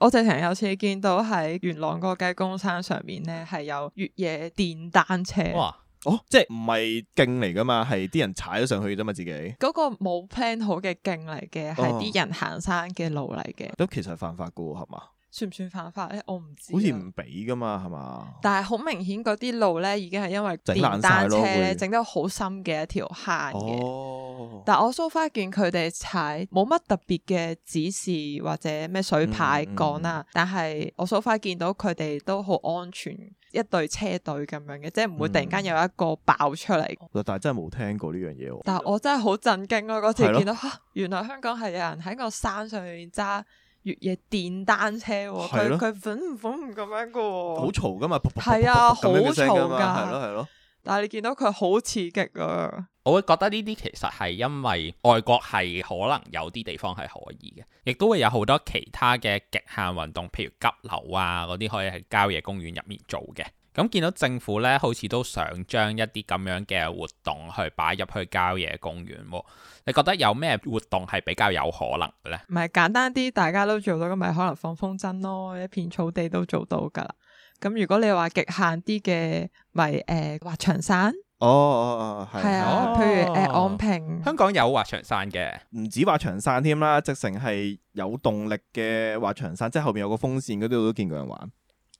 我直情有次見到喺元朗個雞公山上面咧，係有越野電單車。哇哦，即係唔係徑嚟噶嘛，係啲人踩咗上去咋嘛，自己嗰個冇 plan 好嘅徑嚟嘅，係啲、哦、人行山嘅路嚟嘅，咁其實犯法噶，係嘛？算唔算犯法咧，欸？我唔知，好似唔俾噶嘛，係嘛？但係好明顯嗰啲路咧，已經係因為電單車整得好深嘅一條坑嘅。哦，但係我 so far 見佢哋踩冇乜特別嘅指示或者咩水牌講啦。嗯嗯，但係我 so far 見到佢哋都好安全，一隊車隊咁樣嘅，即係唔會突然間有一個爆出嚟，嗯嗯。但係真係冇聽過呢樣嘢。但係我真係好震驚、啊、咯！嗰次見到，原來香港係有人喺個山上面揸。越野電單車喎、哦，佢佢的粉唔粉唔咁樣嘅喎、哦，好嘈㗎嘛，係啊的，好嘈㗎，係囉係囉。但係你見到佢好刺激啊！我會覺得呢啲其實係因為外國係可能有啲地方係可以嘅，亦都會有好多其他嘅極限運動，譬如急流啊嗰啲可以喺郊野公園入面做嘅。咁見到政府咧，好似都想將一啲咁樣嘅活動去擺入去郊野公園喎、哦。你覺得有咩活動係比較有可能咧？唔係簡單啲，大家都做到咁，咪可能放風箏咯。一片草地都做到㗎喇。咁如果你話極限啲嘅，咪誒、呃、滑翔傘。哦哦哦，係啊，oh, yes. 譬如誒昂、呃、平，香港有滑翔傘嘅，唔止滑翔傘添啦，直情係有動力嘅滑翔傘，即、就是、後邊有個風扇嗰度都見過人玩。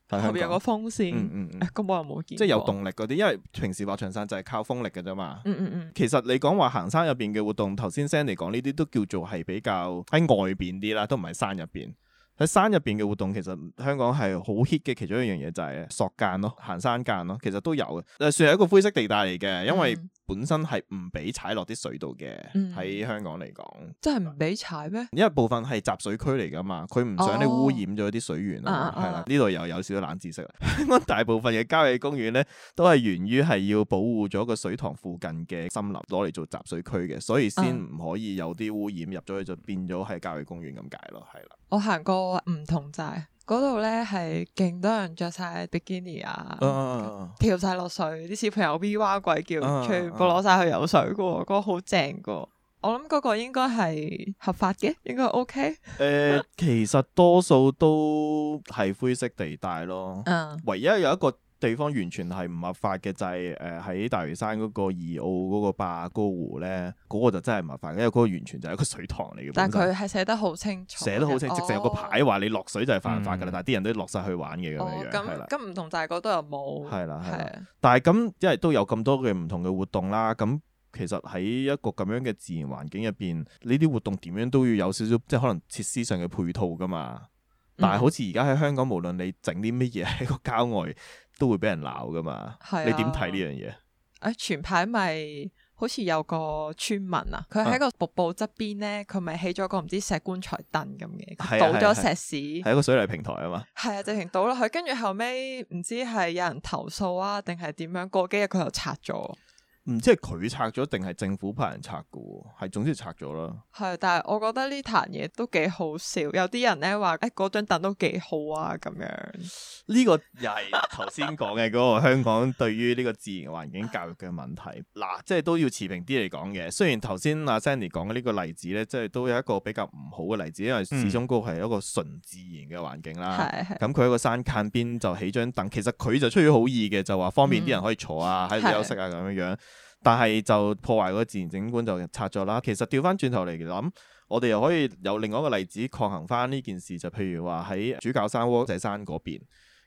後邊有個風扇，誒、嗯嗯嗯，咁、哎、我又冇見，即係有動力嗰啲，因為平時滑翔傘就係靠風力嘅啫嘛。嗯嗯嗯，其實你講話行山入邊嘅活動，頭先聲嚟講呢啲都叫做係比較喺外邊啲啦，都唔係山入邊。喺山入邊嘅活動，其實香港係好 hit 嘅，其中一樣嘢就係索間咯，行山澗咯，其實都有嘅，誒，算係一個灰色地帶嚟嘅，因為、嗯。本身係唔俾踩落啲水度嘅，喺、嗯、香港嚟講，真係唔俾踩咩？因為部分係集水區嚟噶嘛，佢唔想你污染咗啲水源、哦、啊，係、啊、啦，呢度又有少少冷知識啦。 [LAUGHS] 大部分嘅郊野公園咧，都係源於係要保護咗個水塘附近嘅森林攞嚟做集水區嘅，所以先唔可以有啲污染入咗去，就、啊、變咗喺郊野公園咁解咯，係啦。我行過唔同寨。嗰度咧係勁多人着晒 Bikini 啊，啊跳晒落水，啲小朋友 B 哇鬼叫，啊、全部攞晒去游水嘅喎，嗰好正嘅。我諗嗰個應該係合法嘅，應該 OK、呃。誒， [LAUGHS] 其實多數都係灰色地帶咯，啊、唯一有一個。地方完全係唔合法嘅，就係誒喺大嶼山嗰個二澳嗰個霸高湖咧，嗰、嗰個就真係麻煩，因為嗰個完全就係一個水塘嚟嘅。但係佢係寫得好清、清楚，寫得好清楚，直情有個牌話你落水就係犯法㗎啦。但係啲人都落晒去玩嘅咁樣樣，咁唔同大個都有冇？係啦，係啊。但係咁，因為都有咁多嘅唔同嘅活動啦。咁其實喺一個咁樣嘅自然環境入邊，呢啲活動點樣都要有少少，即係可能設施上嘅配套㗎嘛。但係好似而家喺香港，無論你整啲乜嘢喺個郊外。都會俾人鬧噶嘛？啊、你點睇呢樣嘢？誒，前排咪好似有個村民啊，佢喺個瀑布側邊咧，佢咪起咗個唔知石棺材凳咁嘅，倒咗石屎喺、啊啊啊、個水泥平台啊嘛。係啊，直情倒落去，跟住後尾唔知係有人投訴啊，定係點樣？過幾日佢又拆咗。唔知係佢拆咗定係政府派人拆嘅，係，總之拆咗啦。係，但係我覺得呢壇嘢都幾好笑，有啲人咧話，誒，嗰張凳都幾好啊，咁樣。呢個又係頭先講嘅嗰個 [LAUGHS] 香港對於呢個自然環境教育嘅問題。嗱， [LAUGHS] 即係都要持平啲嚟講嘅。雖然頭先阿 Sandy 講嘅呢個例子咧，即係都有一個比較唔好嘅例子，因為始終嗰個係一個純自然嘅環境啦。係，咁佢喺個山澗邊就起張凳，其實佢就出於好意嘅，就話方便啲人可以坐啊，喺度休息啊，咁樣樣。嗯但係就破壞個自然景觀就拆咗啦。其實調翻轉頭嚟諗，我哋又可以有另外一個例子抗衡翻呢件事，就譬如話喺主教山窩、窩仔山嗰邊，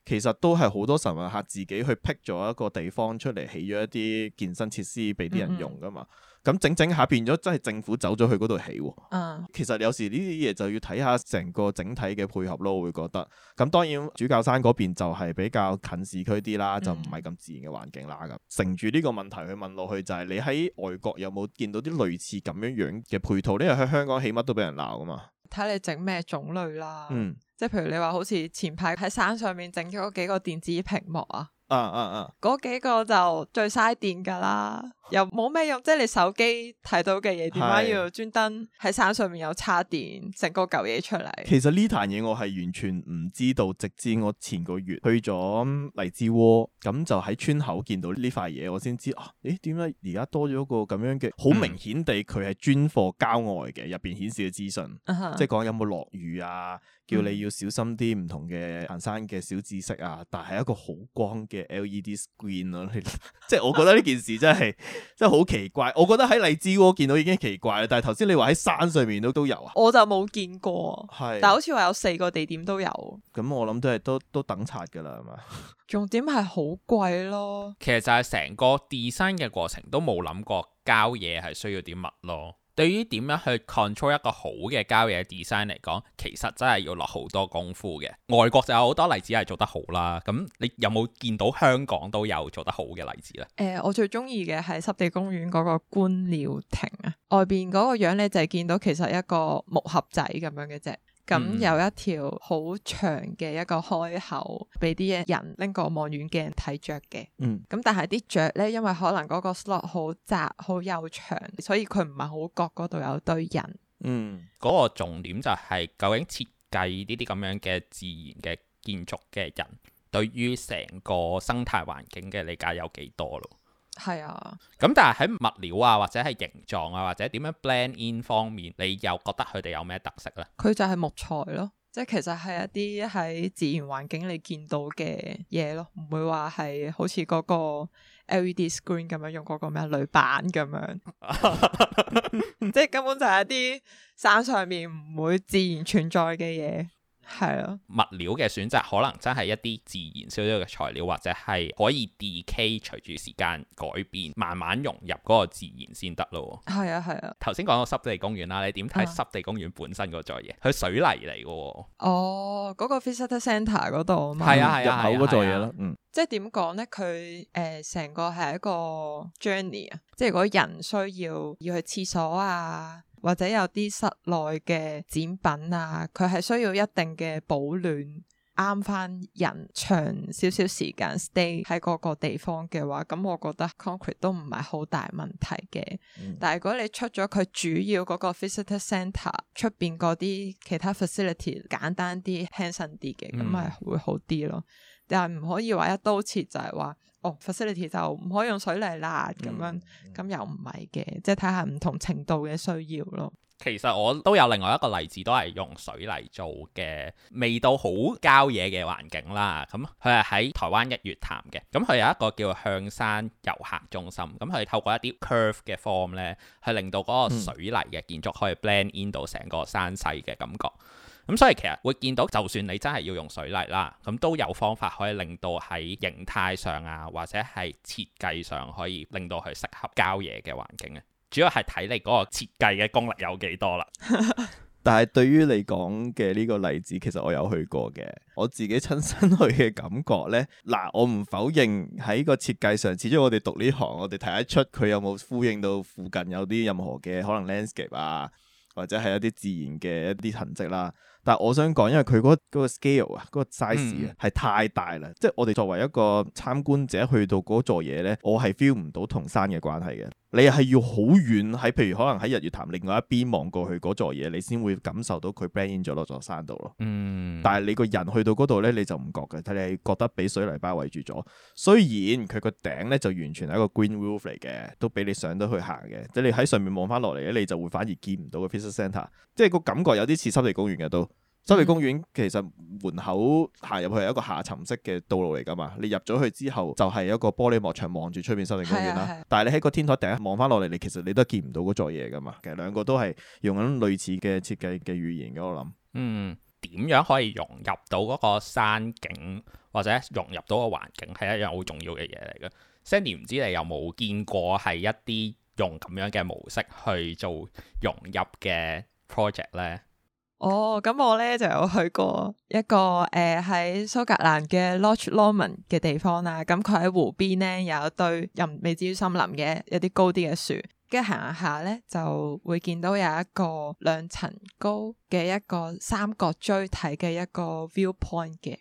其實都係好多神話客自己去辟咗一個地方出嚟，起咗一啲健身設施俾啲人用㗎嘛。嗯嗯。咁整整下變咗，真係政府走咗去嗰度起喎。嗯，其實有時呢啲嘢就要睇下成個整體嘅配合咯。我會覺得，咁當然主教山嗰邊就係比較近市區啲啦，就唔係咁自然嘅環境啦。咁乘住呢個問題去問落去，就係你喺外國有冇見到啲類似咁樣樣嘅配套？因為喺香港起乜都俾人鬧㗎嘛。睇你整咩種類啦。嗯，即係譬如你話好似前排喺山上面整咗幾個電子屏幕啊。嗯嗯嗯。嗰幾個就最嘥電㗎啦。又冇咩用，即係你手機睇到嘅嘢，點解要專登喺山上面有插電整個舊嘢出嚟？其實呢單嘢我係完全唔知道，直至我前個月去咗荔枝窩，咁就喺村口見到呢塊嘢，我先知哦，啊，誒，點解而家多咗個咁樣嘅？好明顯地，佢係專貨郊外嘅，入邊顯示嘅資訊，嗯，即係講有冇落雨啊，叫你要小心啲唔同嘅行山嘅小知識啊。但係一個好光嘅 LED screen 咯，啊， [LAUGHS] 即係我覺得呢件事真係。 [LAUGHS] 真係好奇怪，我覺得喺荔枝窩見到已經奇怪啦。但係頭先你話喺山上面都都有啊，我就冇見過。係是，但係好似話有四個地點都有。咁、嗯、我諗都係都都等拆㗎啦，係咪？重點係好貴咯。 [LAUGHS] 其實就係成個 design 嘅過程都冇諗過郊野係需要啲乜咯。對於點樣去 control 一個好嘅郊野 design 嚟講，其實真係要落好多功夫嘅。外國就有好多例子係做得好啦。咁你有冇見到香港都有做得好嘅例子咧？誒、欸，我最中意嘅係濕地公園嗰個觀鳥亭啊，外邊嗰個樣咧就係見到其實一個木盒仔咁樣嘅啫。咁、嗯嗯、有一條好長嘅一個開口，俾啲人拎個望遠鏡睇雀嘅。嗯，咁但係啲雀呢，因為可能嗰個 slot 好窄好幼長，所以佢唔係好覺嗰度有堆人。嗯，嗰、嗰個重點就係、是、究竟設計呢啲咁樣嘅自然嘅建築嘅人，對於成個生態環境嘅理解有幾多咯？係啊，咁但係喺物料啊，或者係形狀啊，或者點樣 blend in 方面，你又覺得佢哋有咩特色咧？佢就係木材咯，即係其實係一啲喺自然環境你見到嘅嘢咯，唔會話係好似嗰個 LED screen 咁樣用嗰個咩鋁板咁樣，即係根本就係一啲山上面唔會自然存在嘅嘢。係啊，物料嘅選擇可能真係一啲自然少少嘅材料，或者係可以 decay 隨住時間改變，慢慢融入嗰個自然先得咯。係啊，係啊。頭先講個濕地公園啦，你點睇濕地公園本身嗰座嘢？佢、啊、水泥嚟嘅。哦，嗰、嗰個 Visitor Centre 嗰度，係、嗯、啊係啊，啊入口嗰座嘢啦，嗯。即係點講咧？佢誒，成、呃、個係一個 journey 啊，即係嗰人需要需要去廁所啊。或者有啲室內嘅展品啊，佢係需要一定嘅保暖，啱翻人長少少時間、嗯、stay 喺嗰個地方嘅話，咁我覺得 concrete 都唔係好大問題嘅。嗯、但係如果你出咗佢主要嗰個 visitor centre 出邊嗰啲其他 facility 簡單啲輕鬆啲嘅，咁咪、嗯、會好啲咯。但係唔可以話一刀切，就係、是、話哦，facility 就唔可以用水泥啦咁樣，咁、嗯嗯、又唔係嘅，即係睇下唔同程度嘅需要咯。其實我都有另外一個例子，都係用水泥做嘅，味道好郊野嘅環境啦。咁佢係喺台灣日月潭嘅，咁佢有一個叫向山遊客中心，咁佢透過一啲 curve 嘅 form 咧，去令到嗰個水泥嘅建築可以 blend in 到成個山勢嘅感覺。嗯咁所以其實會見到，就算你真係要用水泥啦，咁都有方法可以令到喺形態上啊，或者係設計上可以令到佢適合郊野嘅環境咧。主要係睇你嗰個設計嘅功力有幾多啦。 [LAUGHS] 但係對於你講嘅呢個例子，其實我有去過嘅，我自己親身去嘅感覺呢，嗱，我唔否認喺個設計上，始終我哋讀呢行，我哋睇得出佢有冇呼應到附近有啲任何嘅可能 landscape 啊，或者係一啲自然嘅一啲痕跡啦。但我想講，因為佢嗰個 scale 啊，嗰個 size 啊，係太大啦。嗯、即係我哋作為一個參觀者去到嗰座嘢咧，我係 feel 唔到同山嘅關係嘅。你係要好遠喺，譬如可能喺日月潭另外一邊望過去嗰座嘢，你先會感受到佢 b a n g in 咗落座山度咯。嗯、但係你個人去到嗰度咧，你就唔覺嘅。睇你覺得俾水泥包圍住咗。雖然佢個頂咧就完全係一個 green roof 嚟嘅，都比你上得去行嘅。即係你喺上面望翻落嚟咧，你就會反而見唔到個 f i s i t r c e n t e r 即係個感覺有啲似濕地公園嘅都。嗯濕地公園其實門口行入去係一個下沉式嘅道路嚟噶嘛，你入咗去之後就係、是、一個玻璃幕牆望住出面濕地公園啦。但係你喺個天台第一望翻落嚟，你其實你都係見唔到嗰座嘢噶嘛。其實兩個都係用緊類似嘅設計嘅語言嘅，我諗。嗯，點樣可以融入到嗰個山景或者融入到個環境係一樣好重要嘅嘢嚟嘅。Sandy 唔知你有冇見過係一啲用咁樣嘅模式去做融入嘅 project 咧？哦，咁我咧就有去過一個誒喺蘇格蘭嘅 Loch Lomond 嘅地方啦，咁佢喺湖邊咧有一堆入未知於森林嘅一啲高啲嘅樹，跟住行下下咧就會見到有一個兩層高嘅一個三角錐體嘅一個 viewpoint 嘅。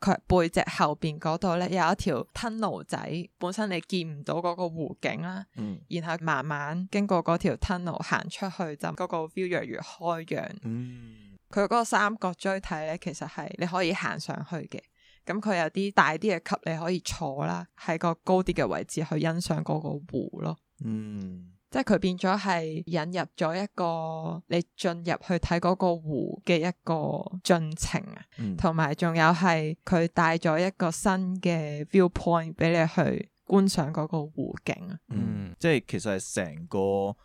佢背脊後邊嗰度咧有一條 Tunnel 仔，本身你見唔到嗰個湖景啦，嗯、然後慢慢經過嗰條 Tunnel 行出去，就、那、嗰個 view 越嚟越開揚。嗯，佢嗰個三角錐體咧，其實係你可以行上去嘅，咁佢有啲大啲嘅級你可以坐啦，喺個高啲嘅位置去欣賞嗰個湖咯。嗯。即係佢變咗係引入咗一個你進入去睇嗰個湖嘅一個進程啊，同埋仲有係佢帶咗一個新嘅 viewpoint 俾你去。觀賞嗰個湖景啊，嗯，即係其實係成個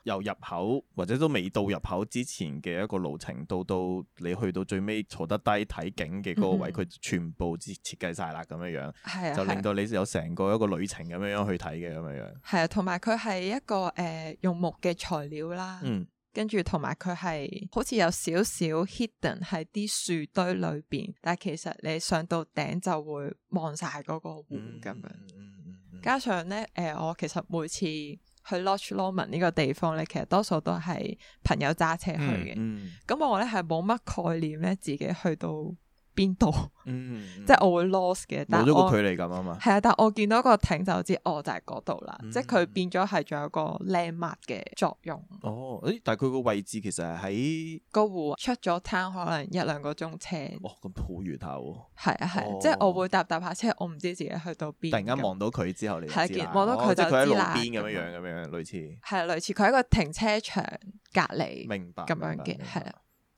由入口或者都未到入口之前嘅一個路程，到到你去到最尾坐得低睇景嘅嗰個位，佢、嗯、哼就全部設計晒啦咁樣樣，係啊，就令到你有成個一個旅程咁樣樣去睇嘅咁樣樣，係啊，同埋佢係一個誒、呃、用木嘅材料啦，嗯，跟住同埋佢係好似有少少 hidden 喺啲樹堆裏邊，但係其實你上到頂就會望晒嗰個湖咁樣。嗯。加上咧，誒、呃，我其實每次去 Loch Lomond 呢個地方咧，其實多數都係朋友揸車去嘅，咁、嗯嗯、我咧係冇乜概念咧，自己去到邊度？嗯，即係我會 lost 嘅，冇咗個距離感啊嘛。係啊，但我見到個艇就知，我就係嗰度啦。即係佢變咗係仲有個 landmark 嘅作用。哦，誒，但係佢個位置其實係喺高湖出咗 town，可能一兩個鐘車。哇，咁好遠下喎！係啊係，即係我會搭搭下車，我唔知自己去到邊。突然間望到佢之後，你係啊見望到佢就知啦。路邊咁樣樣咁樣樣，類似係類似佢喺個停車場隔離，明白咁樣嘅係啦。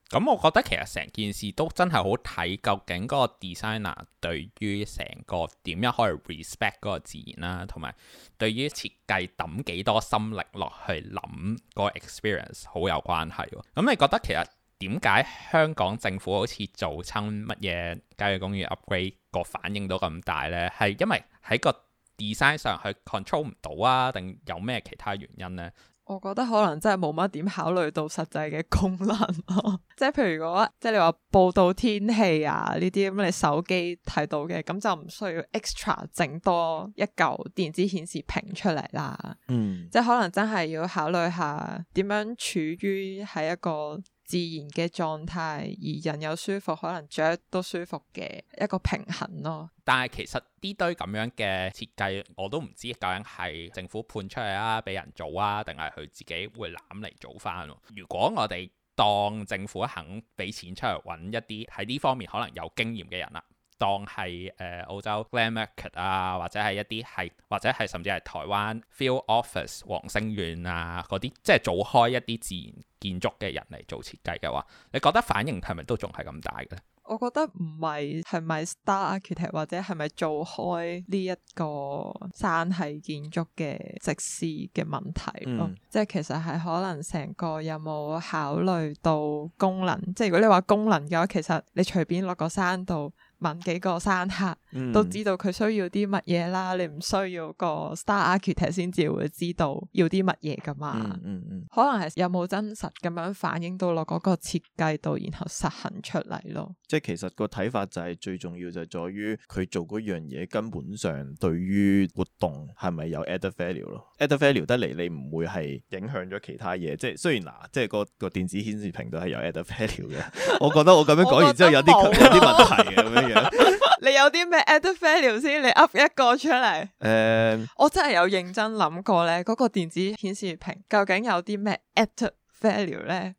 咁我覺得其實成件事都真係好睇，究竟個 designer 對於成個點樣可以 respect 嗰個自然啦，啊，同埋對於設計抌幾多心力落去諗嗰個 experience 好有關係喎，啊。咁你覺得其實點解香港政府好似做親乜嘢郊野公園 upgrade 個反應都咁大呢？係因為喺個 design 上佢 control 唔到啊，定有咩其他原因呢？我覺得可能真係冇乜點考慮到實際嘅功能咯， [LAUGHS] 即係譬如果即係你話報道天氣啊呢啲咁，你手機睇到嘅咁就唔需要 extra 整多一嚿電子顯示屏出嚟啦。嗯，即係可能真係要考慮下點樣處於喺一個自然嘅狀態，而人又舒服，可能着都舒服嘅一個平衡咯。但係其實呢堆咁樣嘅設計，我都唔知究竟係政府判出嚟啊，俾人做啊，定係佢自己會攬嚟做翻？如果我哋當政府肯俾錢出嚟揾一啲喺呢方面可能有經驗嘅人啦。當係誒、呃、澳洲 Glenn Murcutt 啊，或者係一啲係，或者係甚至係台灣 Field Office 黃星苑啊嗰啲，即係做開一啲自然建築嘅人嚟做設計嘅話，你覺得反應係咪都仲係咁大嘅咧？我覺得唔係係咪 Star Architect 或者係咪做開呢一個山系建築嘅直視嘅問題咯？嗯 oh，即係其實係可能成個有冇考慮到功能？即係如果你話功能嘅話，其實你隨便落個山度。問幾個山客。嗯、都知道佢需要啲乜嘢啦，你唔需要個 star architect 先至會知道要啲乜嘢噶嘛？嗯嗯，嗯嗯可能係有冇真實咁樣反映到落個設計度，然後實行出嚟咯。即係其實個睇法就係、是、最重要就在於佢做樣嘢根本上對於活動係咪有 add value 咯？add value 得嚟你唔會係影響咗其他嘢。即係雖然嗱，即係個個電子顯示屏都係有 add value 嘅， [LAUGHS] 我覺得我咁樣講完之後有啲有啲問題嘅咁樣樣。 [LAUGHS] [LAUGHS] 你有啲咩？add value 先，你 up 一個出嚟。誒、嗯，我真係有認真諗過咧，嗰個電子顯示屏究竟有啲咩 add value 咧？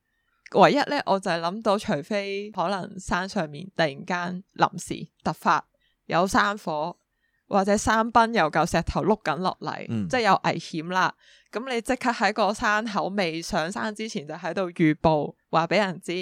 唯一咧，我就係諗到，除非可能山上面突然間臨時突發有山火，或者山崩有嚿石頭碌緊落嚟，嗯、即係有危險啦。咁你即刻喺個山口未上山之前，就喺度預報，話俾人知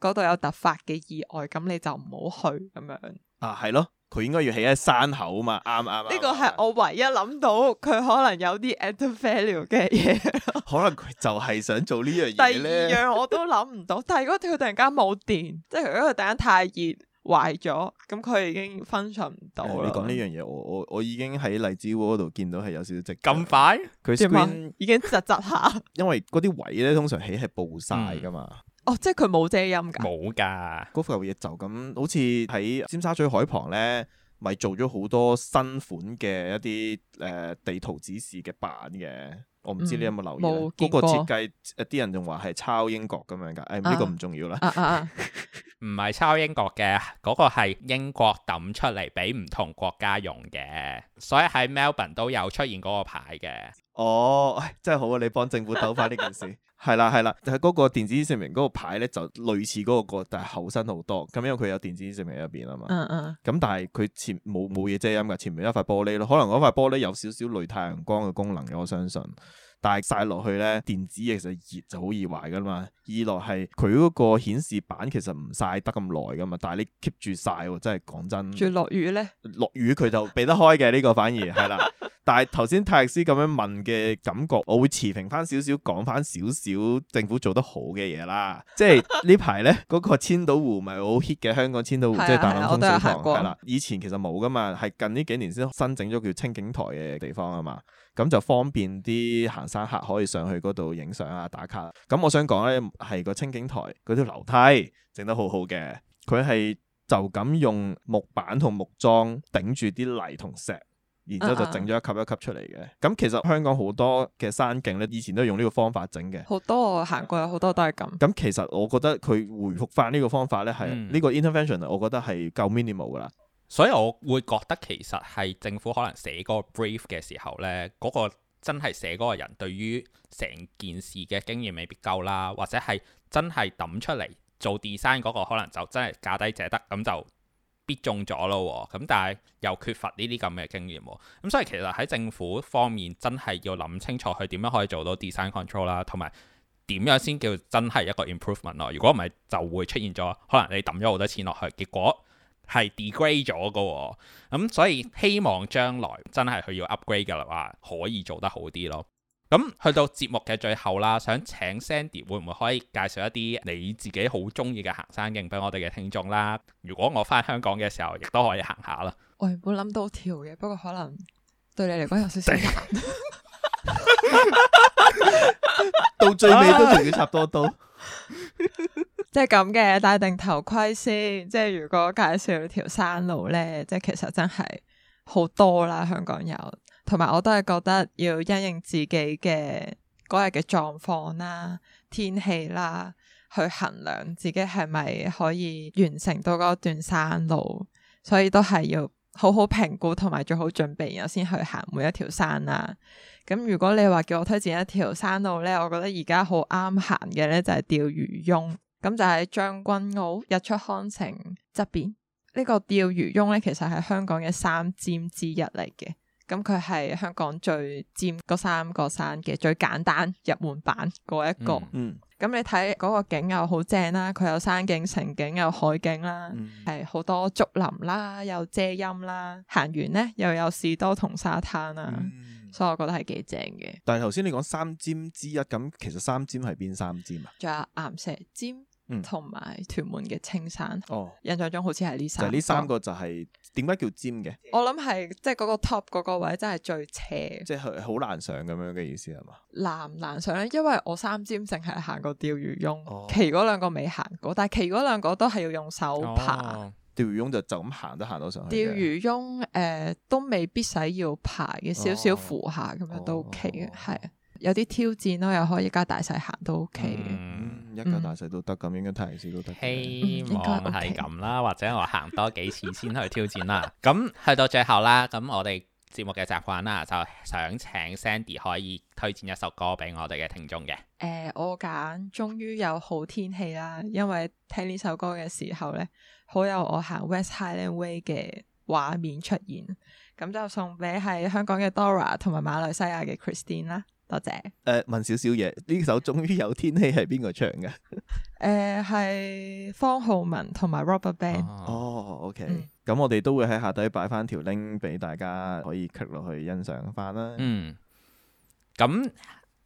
嗰度有突發嘅意外，咁你就唔好去咁樣。啊，係咯。佢應該要起喺山口啊嘛，啱啱。呢個係我唯一諗到佢可能有啲 added value 嘅嘢。可能佢就係想做呢樣嘢。第二樣我都諗唔到， [LAUGHS] 但係如果佢突然間冇電，即係如果佢突然間太熱壞咗，咁佢已經 function 唔到。你講。呢樣嘢我我我已經喺荔枝窩度見到係有少少即咁快，佢先已經窒窒下。因為嗰啲位咧，通常起係暴曬㗎嘛。哦，即係佢冇遮音噶，冇噶。嗰幅嘅嘢就咁，好似喺尖沙咀海旁咧，咪做咗好多新款嘅一啲誒、呃、地圖指示嘅版嘅。我唔知你有冇留意，嗰、嗯、個設計，一、呃、啲人仲話係抄英國咁樣噶。誒、哎，呢、啊、個唔重要啦。唔係、啊啊啊、 [LAUGHS] 抄英國嘅，嗰、那個係英國抌出嚟俾唔同國家用嘅。所以喺 Melbourne 都有出現嗰個牌嘅。哦，哎、真係好啊！你幫政府兜返呢件事。 [LAUGHS] 係啦，係啦，就係嗰個電子證明嗰個牌咧，就類似嗰、嗰個個，但係厚身好多。咁因為佢有電子證明喺入邊啊嘛。咁、嗯嗯、但係佢前冇冇嘢遮陰㗎，前面有一塊玻璃咯。可能嗰塊玻璃有少少濾太陽光嘅功能嘅，我相信。但係曬落去咧，電子嘢其實熱就好易壞噶啦嘛。二來係佢嗰個顯示板其實唔曬得咁耐噶嘛。但係你 keep 住曬喎，真係講真。住落雨咧？落雨佢就避得開嘅呢、這個，反而係 [LAUGHS] 啦。但係頭先泰克斯咁樣問嘅感覺，我會持平翻少少，講翻少少政府做得好嘅嘢啦。即係呢排咧，嗰、那個千島湖咪好 hit 嘅香港千島湖， [LAUGHS] 即係大浪風水塘。係啊，以前其實冇噶嘛，係近呢幾年先新整咗叫清景台嘅地方啊嘛。咁就方便啲行山客可以上去嗰度影相啊、打卡啦。咁我想講咧，係個清景台嗰條樓梯整得好好嘅，佢係就咁用木板同木樁頂住啲泥同石，然之後就整咗一級一級出嚟嘅。咁、啊啊、其實香港好多嘅山景咧，以前都用呢個方法整嘅。好多我行過有好多都係咁。咁其實我覺得佢回復翻呢個方法咧，係呢、嗯、個 intervention，我覺得係夠 minimal 噶啦。所以我會覺得其實係政府可能寫嗰個 brief 嘅時候咧，嗰、嗰個真係寫嗰個人對於成件事嘅經驗未必夠啦，或者係真係抌出嚟做 design 嗰個可能就真係價低者得，咁就必中咗咯，咁但係又缺乏呢啲咁嘅經驗，咁所以其實喺政府方面真係要諗清楚佢點樣可以做到 design control 啦，同埋點樣先叫真係一個 improvement 咯，如果唔係就會出現咗可能你抌咗好多錢落去，結果。係 degrade 咗嘅。咁、哦嗯、所以希望將來真係佢要 upgrade 嘅話，可以做得好啲咯。咁、嗯、去到節目嘅最後啦，想請 Sandy 會唔會可以介紹一啲你自己好中意嘅行山徑俾我哋嘅聽眾啦？如果我翻香港嘅時候，亦都可以行下啦。我諗到條嘅，不過可能對你嚟講有少少難。到最尾都仲要插多刀。 [LAUGHS] 即係咁嘅，戴定頭盔先。即係如果介紹條山路咧，即係其實真係好多啦，香港有。同埋我都係覺得要因應自己嘅嗰日嘅狀況啦、天氣啦，去衡量自己係咪可以完成到嗰段山路。所以都係要好好評估同埋做好準備，然後先去行每一條山啦。咁如果你話叫我推薦一條山路咧，我覺得而家好啱行嘅咧，就係釣魚翁。咁就喺將軍澳日出康城側邊，呢、這個釣魚翁咧，其實係香港嘅三尖之一嚟嘅。咁佢係香港最尖嗰三個山嘅最簡單入門版嗰一個。咁、嗯嗯、你睇嗰個景又好正啦，佢有山景、城景、有海景啦，係好、嗯、多竹林啦，有遮陰啦。行完咧又有士多同沙灘啦，嗯、所以我覺得係幾正嘅。但係頭先你講三尖之一，咁其實三尖係邊三尖啊？仲有岩石尖。同埋、嗯、屯門嘅青山，哦、印象中好似係呢三個，就呢三個就係點解叫尖嘅？我諗係即係嗰個 top 嗰個位，真係最斜，即係好難上咁樣嘅意思係嘛？難唔難上咧，因為我三尖淨係行過釣魚翁，哦、其嗰兩個未行過，但係其嗰兩個都係要用手爬。釣、哦、魚翁就就咁行都行到上去。去。釣魚翁誒、呃、都未必使要爬嘅，少，少少扶下咁樣都 OK 嘅，係。有啲挑戰咯，又可以一家大細行都 OK 嘅，嗯、一家大細都得，咁應該睇住都得。希望係咁啦，或者我行多幾次先去挑戰啦。咁去 [LAUGHS] 到最後啦，咁我哋節目嘅習慣啦，就想請 Sandy 可以推薦一首歌俾我哋嘅聽眾嘅。誒、欸，我揀《終於有好天氣》啦，因為聽呢首歌嘅時候咧，好有我行 West Highland Way 嘅畫面出現。咁就送俾係香港嘅 Dora 同埋馬來西亞嘅 Christine 啦。多謝。誒、呃，問少少嘢，呢首終於好天氣係邊個唱嘅？誒、 [LAUGHS] 呃，係方皓玟同埋 RubberBand 哦，哦，OK。咁、嗯、我哋都會喺下底擺翻條 link 俾大家可以 click 落去欣賞翻啦。嗯。咁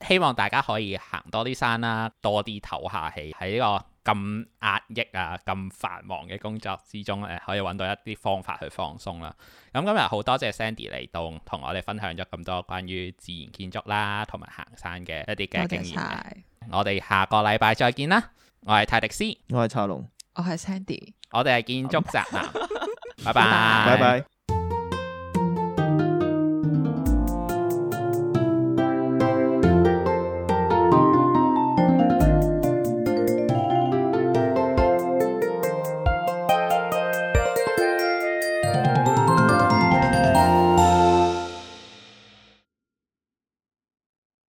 希望大家可以行多啲山啦，啊，多啲唞下氣喺呢個咁壓抑啊，咁繁忙嘅工作之中咧、啊，可以揾到一啲方法去放鬆啦。咁、嗯、今日好多謝 Sandy 嚟到同我哋分享咗咁多關於自然建築啦，同埋行山嘅一啲嘅經驗。我哋下個禮拜再見啦。我係泰迪斯，我係蔡龍，我係 Sandy，我哋係建築宅男。拜拜 [LAUGHS] bye，拜拜。